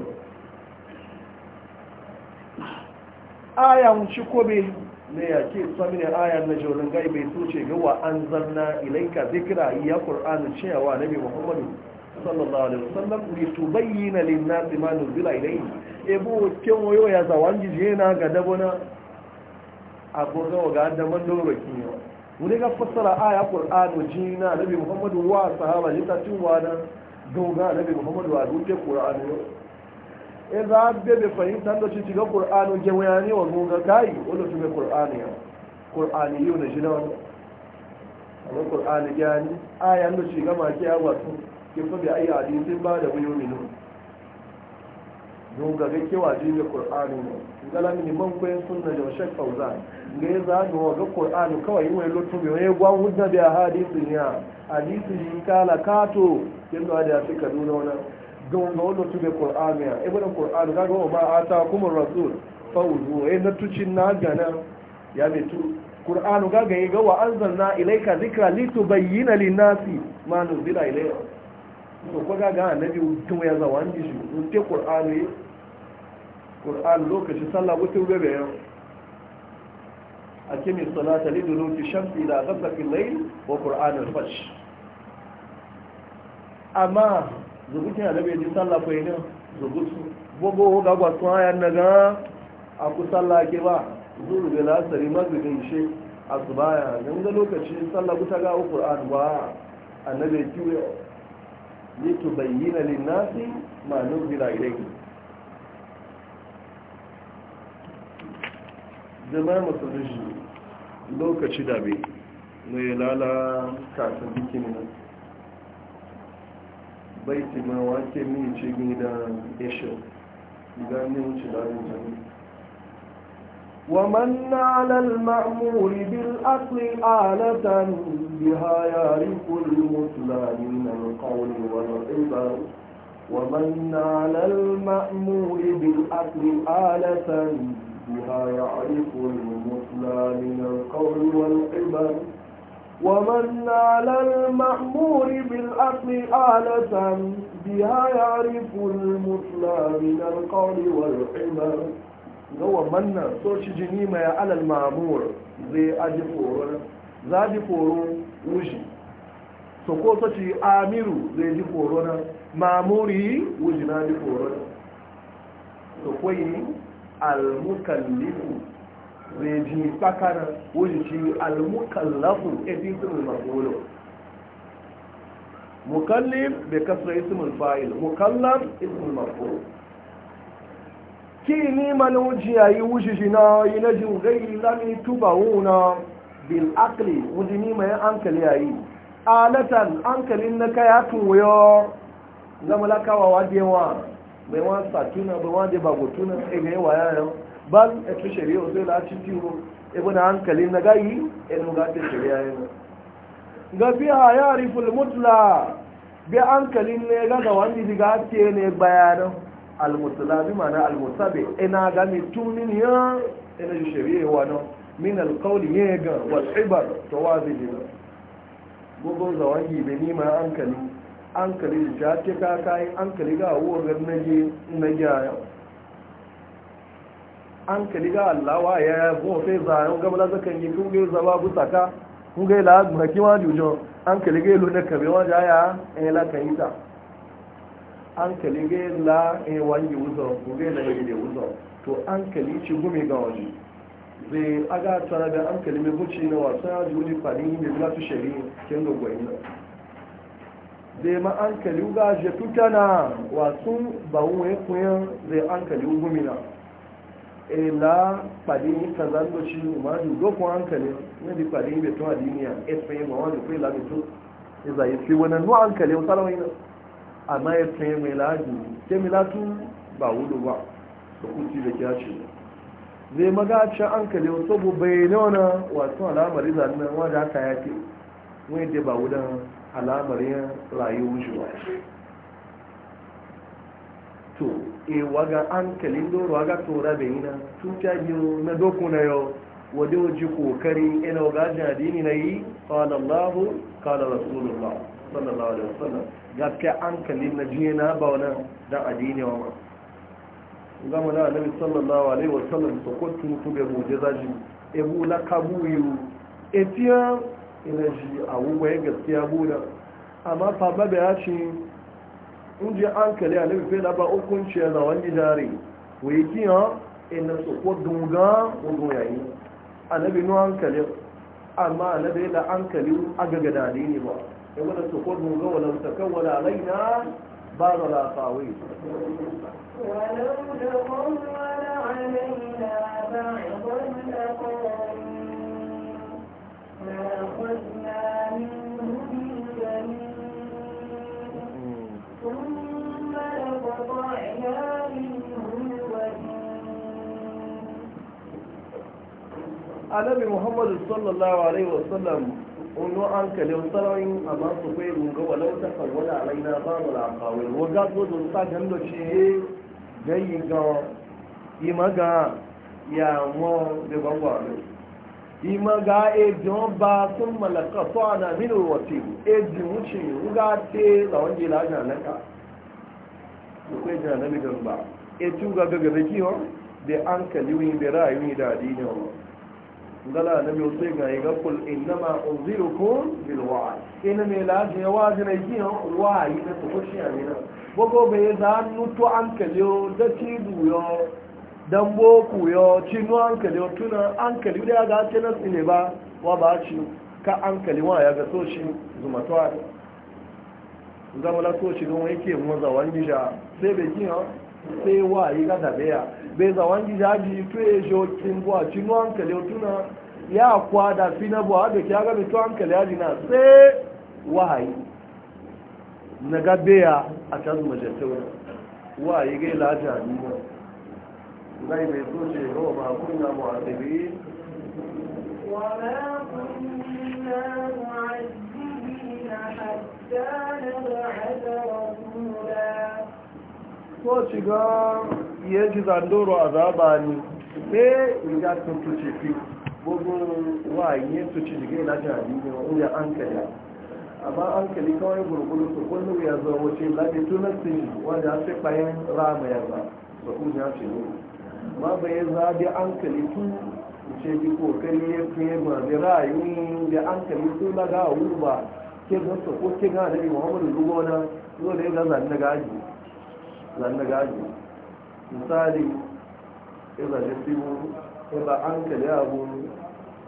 ayan shi kobe ne ya ke tsamini ayar na jorin gai bai tuce ga wa an zanna ilaika zikira iya Kur'an cewa nabi muhammadu sallallahu alaihi wasallam li tubayyana lin nas ma nuzila ilayhi ebo ken wayo ya zawanji jena ga dabona agogo ga da man doro kinyo wani ga fassara aya qur'anu jina nabi muhammadu wa sahaba ji ta tun wada doga nabi muhammadu wa rubuce qur'anu e za be be fahimta da ci ga qur'anu je wayani wa goga kai wala tube qur'anu ya qur'ani yau na jina wani qur'ani gani aya ndo ci ga ma ki awa kifa da ayi hadisin ba da buyu minu don ga gake waje da qur'ani ne ngala min man koyin sunna da shek fauzan ne za mu ga qur'ani kawai yi wani lotu mai gwa hudda da hadisin ya hadisin kala kato yanda da suka nuna wannan don ga wannan tube qur'ani ya ibn qur'ani ga ba ata kuma rasul fauzu ya eh, na tucin na gana ya tu. qur'ani ga ga ga wa anzalna ilayka dhikra litubayyana lin-nasi ma nuzila ilayhim to kwaga ga annabi mutum ya zawa an ji shi in te qur'ani qur'an lokacin sallah mutum gabe yau akimi salata ne liduluki shamsi ila ghasafi al-layl wa qur'an al-fajr amma zubutin annabi ya ji sallah fa yin zubutu bobo ga gwasu ayan naga a ku sallah ke ba zuru da lasari magribin shi a asubaya dan ga lokaci sallah buta ga qur'an ba annabi ya kiwo litubayyana linnasi ma nuzila ilayhi zama musulunci lokaci dabe mai lala kasan bikin nan baiti ma wake mini ce gida ishe ganin ci da jami'a ومن على المأمور بالأصل آلة بها يعرف المثلى من القول والعبر ومن على المأمور بالأصل آلة بها يعرف المثلى من القول والعبر ومن على المأمور بالأصل آلة بها يعرف المثلى من القول والعبر Gawa manna, manna soci jini mai alal mamur zai aji foro za ji foro wuji so ko soci amiru zai ji foro na mamuri wuji na ji foro na so kwayi almukallifu zai ji tsakana wuji ci almukallafu ejin sirrin makolo mukallif bai kasra ismul fa'il mukallaf ismul maf'ul kí ní malóúnjẹ àyí wúṣìṣì náà iná jin ọ̀gá lami tuba wuna bil akli wùdí ní mai ankali yi. alatan ankalin na kaya tun wuyo zama lakawa wadda wa bai wa satuna ba wa ba gotuna sai ga yawa yayo ban e tu shari'a zai lati tiro e na hankalin na gayi e ga ta shari'a yayo ga biya ya riful mutla bi ankalin ne ga ga wani diga ce ne bayanan almusulabi mana almusabe ina ga mutum min ya ina ji shari'a wani min alkauli ya ga wal'ibar ta wazi ne gugun zawon gibe ni ma hankali hankali da ta ce ka kayan hankali ga wurin nage na gyaya hankali ga allawa ya yi kuma sai zayen gamla zakan yi kun gai zaba busaka kun gai la'agmaki wajujon hankali ga ilu na kabewa jaya ya yi lakan yi ta hankali ga la e wangi wuzo ko ga la yi wuzo to hankali ci gumi ga waje zai aga tsara da hankali mai buci na wasa juli fani ne bila tu shari kin ga gwai na zai ma hankali ga je tutana wasu ba ya kuyan zai hankali gumi na e la fani ka zando ci ma ju dokon hankali ne di fani be to adiniya e fe ma wani fe la be to izayi e fi wannan nu hankali wasalawai amma ya tsaye mai laju ke milatu ba wudu ba da kya ce zai magacin an kale wasu bubbai na wani wasu alamari zanen wanda aka yake wani da ba wudan alamarin rayuwar shi ba to e waga an kalin doro waga tora bai yana tun ta biyu na doku na yau wadda waje kokari ina waga jadini na yi kala allahu kala rasulullah sallallahu alaihi wasallam gaskiya an kalli na jiye na ba wani da addini wa ma gama na annabi sallallahu alaihi wasallam to ko tun ku be mujiza ji e bu la kabu yu e tiya ina ji awu waye gaskiya bu da amma fa ba ya ci in je an kalli annabi sai da ba hukunci ya zawan jare waye kiya da e so ko dunga wudu yi, annabi no an kalli amma annabi da an kalli aga gadani ne ba يقول تقول تقوله لو تكول علينا بعض الأقاويل ولو تقول علينا بعض الأقاويل لأخذنا منه بالجميل ثم لقطعنا منه الوتين على محمد صلى الله عليه وسلم unu an kalin sarawin amma su kai runga walau ta farwala alaina ba mu la kawai waga ko zun ta gando ce dai ga imaga ya mo de gwagwa ne imaga e jon ba sun malaka fa na min wati e ji wuce ruga te da wanda la ga nan ka su kai ga nan ba e tuga ga ga kiyo da an kaliwi da rayuwi da addinin gala na biyu sai ga ga kul ma unzirukum bil wa'i ina me la je wazi na yi wa'i da su shi a mina bogo be za to an kalyo da tidu yo dan boku yo cinu an kalyo tuna an kalyo da ga ce nan ne ba wa ba ci ka an kalyo wa ya ga so shi a zama la so shi don yake mu za wani sai be kiyo sai wa yi ga tabiya bai za wangi jaji fe jo kin bo a hankali tuna ya kwada fi na buwa da kya ga to hankali ya dina sai wahayi na gabeya a tazu majaltawa wahayi ga laja ni zai bai so ce ga wa na kunna mu'azibi wa ma kunna mu'azibina hatta nab'atha so shiga ya ji zandoro a zaba ne sai riga sun tuce fi bugun waye su ci shiga yana jari ne wa an kaya amma an kali kawai gurguru su kullum ya zo wuce lafi tunan sun wanda a fi bayan rama ya ba su ya ce ne ma bai zaɓi tun ce ya fi ma da da an kali su ba ke gasa ko ke gane muhammadu zan da misali iza da sibu iza an kali a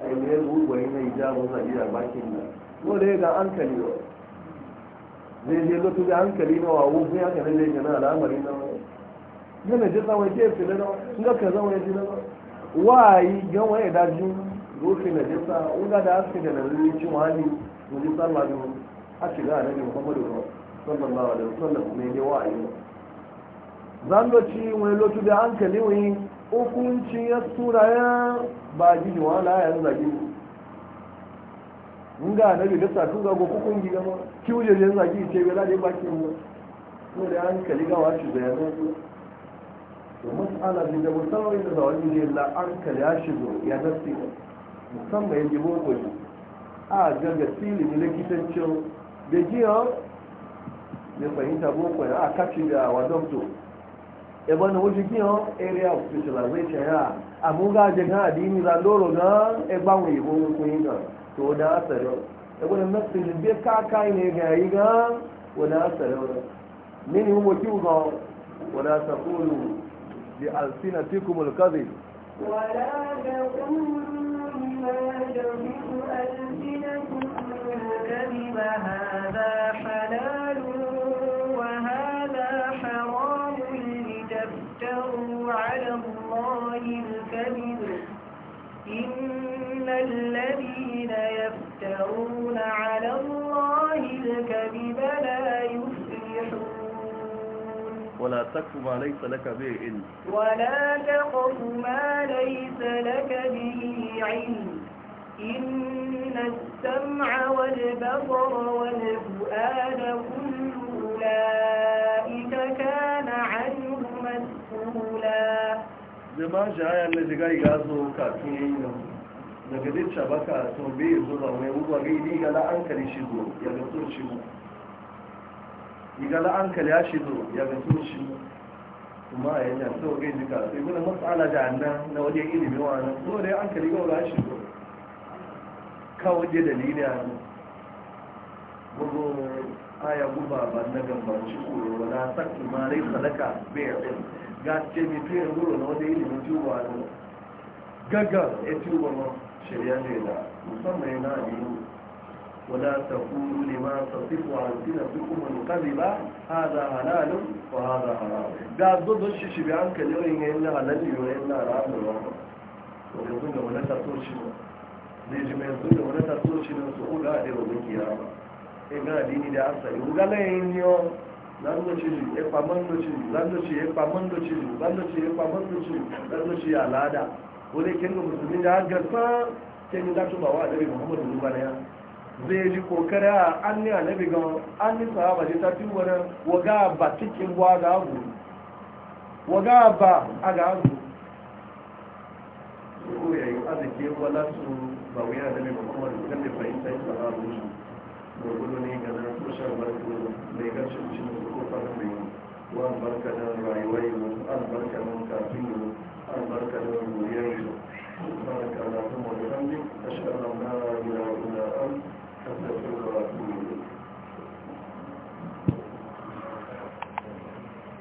yi ne gugwa yi na bakin ga an kali wa zai je lotu ga an kali na wawo zai gana Na yana ji tsawon ke fi na nga ka zama ya ji na gan na da aski da wani mu ji a shiga a nabi muhammadu sallallahu alaihi wasallam ne ne zandoci wani lotu da hankali wani hukunci ya tura ya ba gidi wani layan zagi nga na bi dasa tun ko hukun gida ma kiwuje da zagi ce bai ba baki mu ko da hankali ga shi da yanzu to mas'ala ne da musamman da zawon ne la hankali ya shigo ya dasi musamman ya jibo ko a gaga fili ne likitancin da jiya ne fahimta boko ya a kacin da wa doctor yaba na wuce kiyan area of specialization ya abuga jigan adini za loro na egbanwe ibo kunyi na to da asari yaba na nasu jibe kaka ne ga yi ga wani asari wani mini hu waki ga wani sakulu bi alsina tikum alkazi wala taqulu ma jamu alsinakum alkazi fa halal افتروا عَلَى اللَّهِ الْكَذِبَ إِنَّ الَّذِينَ يَفْتَرُونَ عَلَى اللَّهِ الْكَذِبَ لَا يُفْلِحُونَ ولا تقف ما ليس لك به علم ولا تقف ما ليس لك به علم إن السمع والبصر والفؤاد كل أولئك zama shahaya na shiga iga zo ya yi nan daga dai shabaka to bai zo ba mai wuwa ga idi ga la'ankali shi zo ya ga so shi mu iga la'ankali ya shi zo ya ga sun shi mu kuma a yanyan sau gai jika sai kuma matsala da annan na waje ilimin wani so da ya ankali ga wura shi zo ka waje dalili a nan gudu aya guba ba na gambar shi kuro wala sakki ma rai sadaka bai gaske mai tuyar wuri na wani ilimin tuba ne gaggar ya ma shirya jela musamman yana biyu wadda ta kuru ne ma sassifu a rufina su kuma nukali ba ha za halalin ko ha za halalin ga zozo shi shi biyan kalorin ba shi ne zai ji mai zunga wani tatso shi ne ko ga a daya wani kiyama in ga dini da asali ga layin yau zanociji ekpa mandoci zanoci ekpa mandoci zanoci ekpa mandoci zanoci alada wani kenga musulmi da gasa kenga za su bawa annabi muhammadu zuba na ya zai ji kokari a an ni annabi ga an ni sahaba ta fi wani waga ba cikin wa ga abu waga a ga abu ko yayi azake wala su ba wuya annabi muhammadu kan da fahimta ya sahaba ne gurgudu ne ga nan kusa barku mai gashin cikin arzikinmu albarka don rayuwarmu albarka don kafinmu albarka don zuriyarmu albarka don barka da hamdi ashhadu an la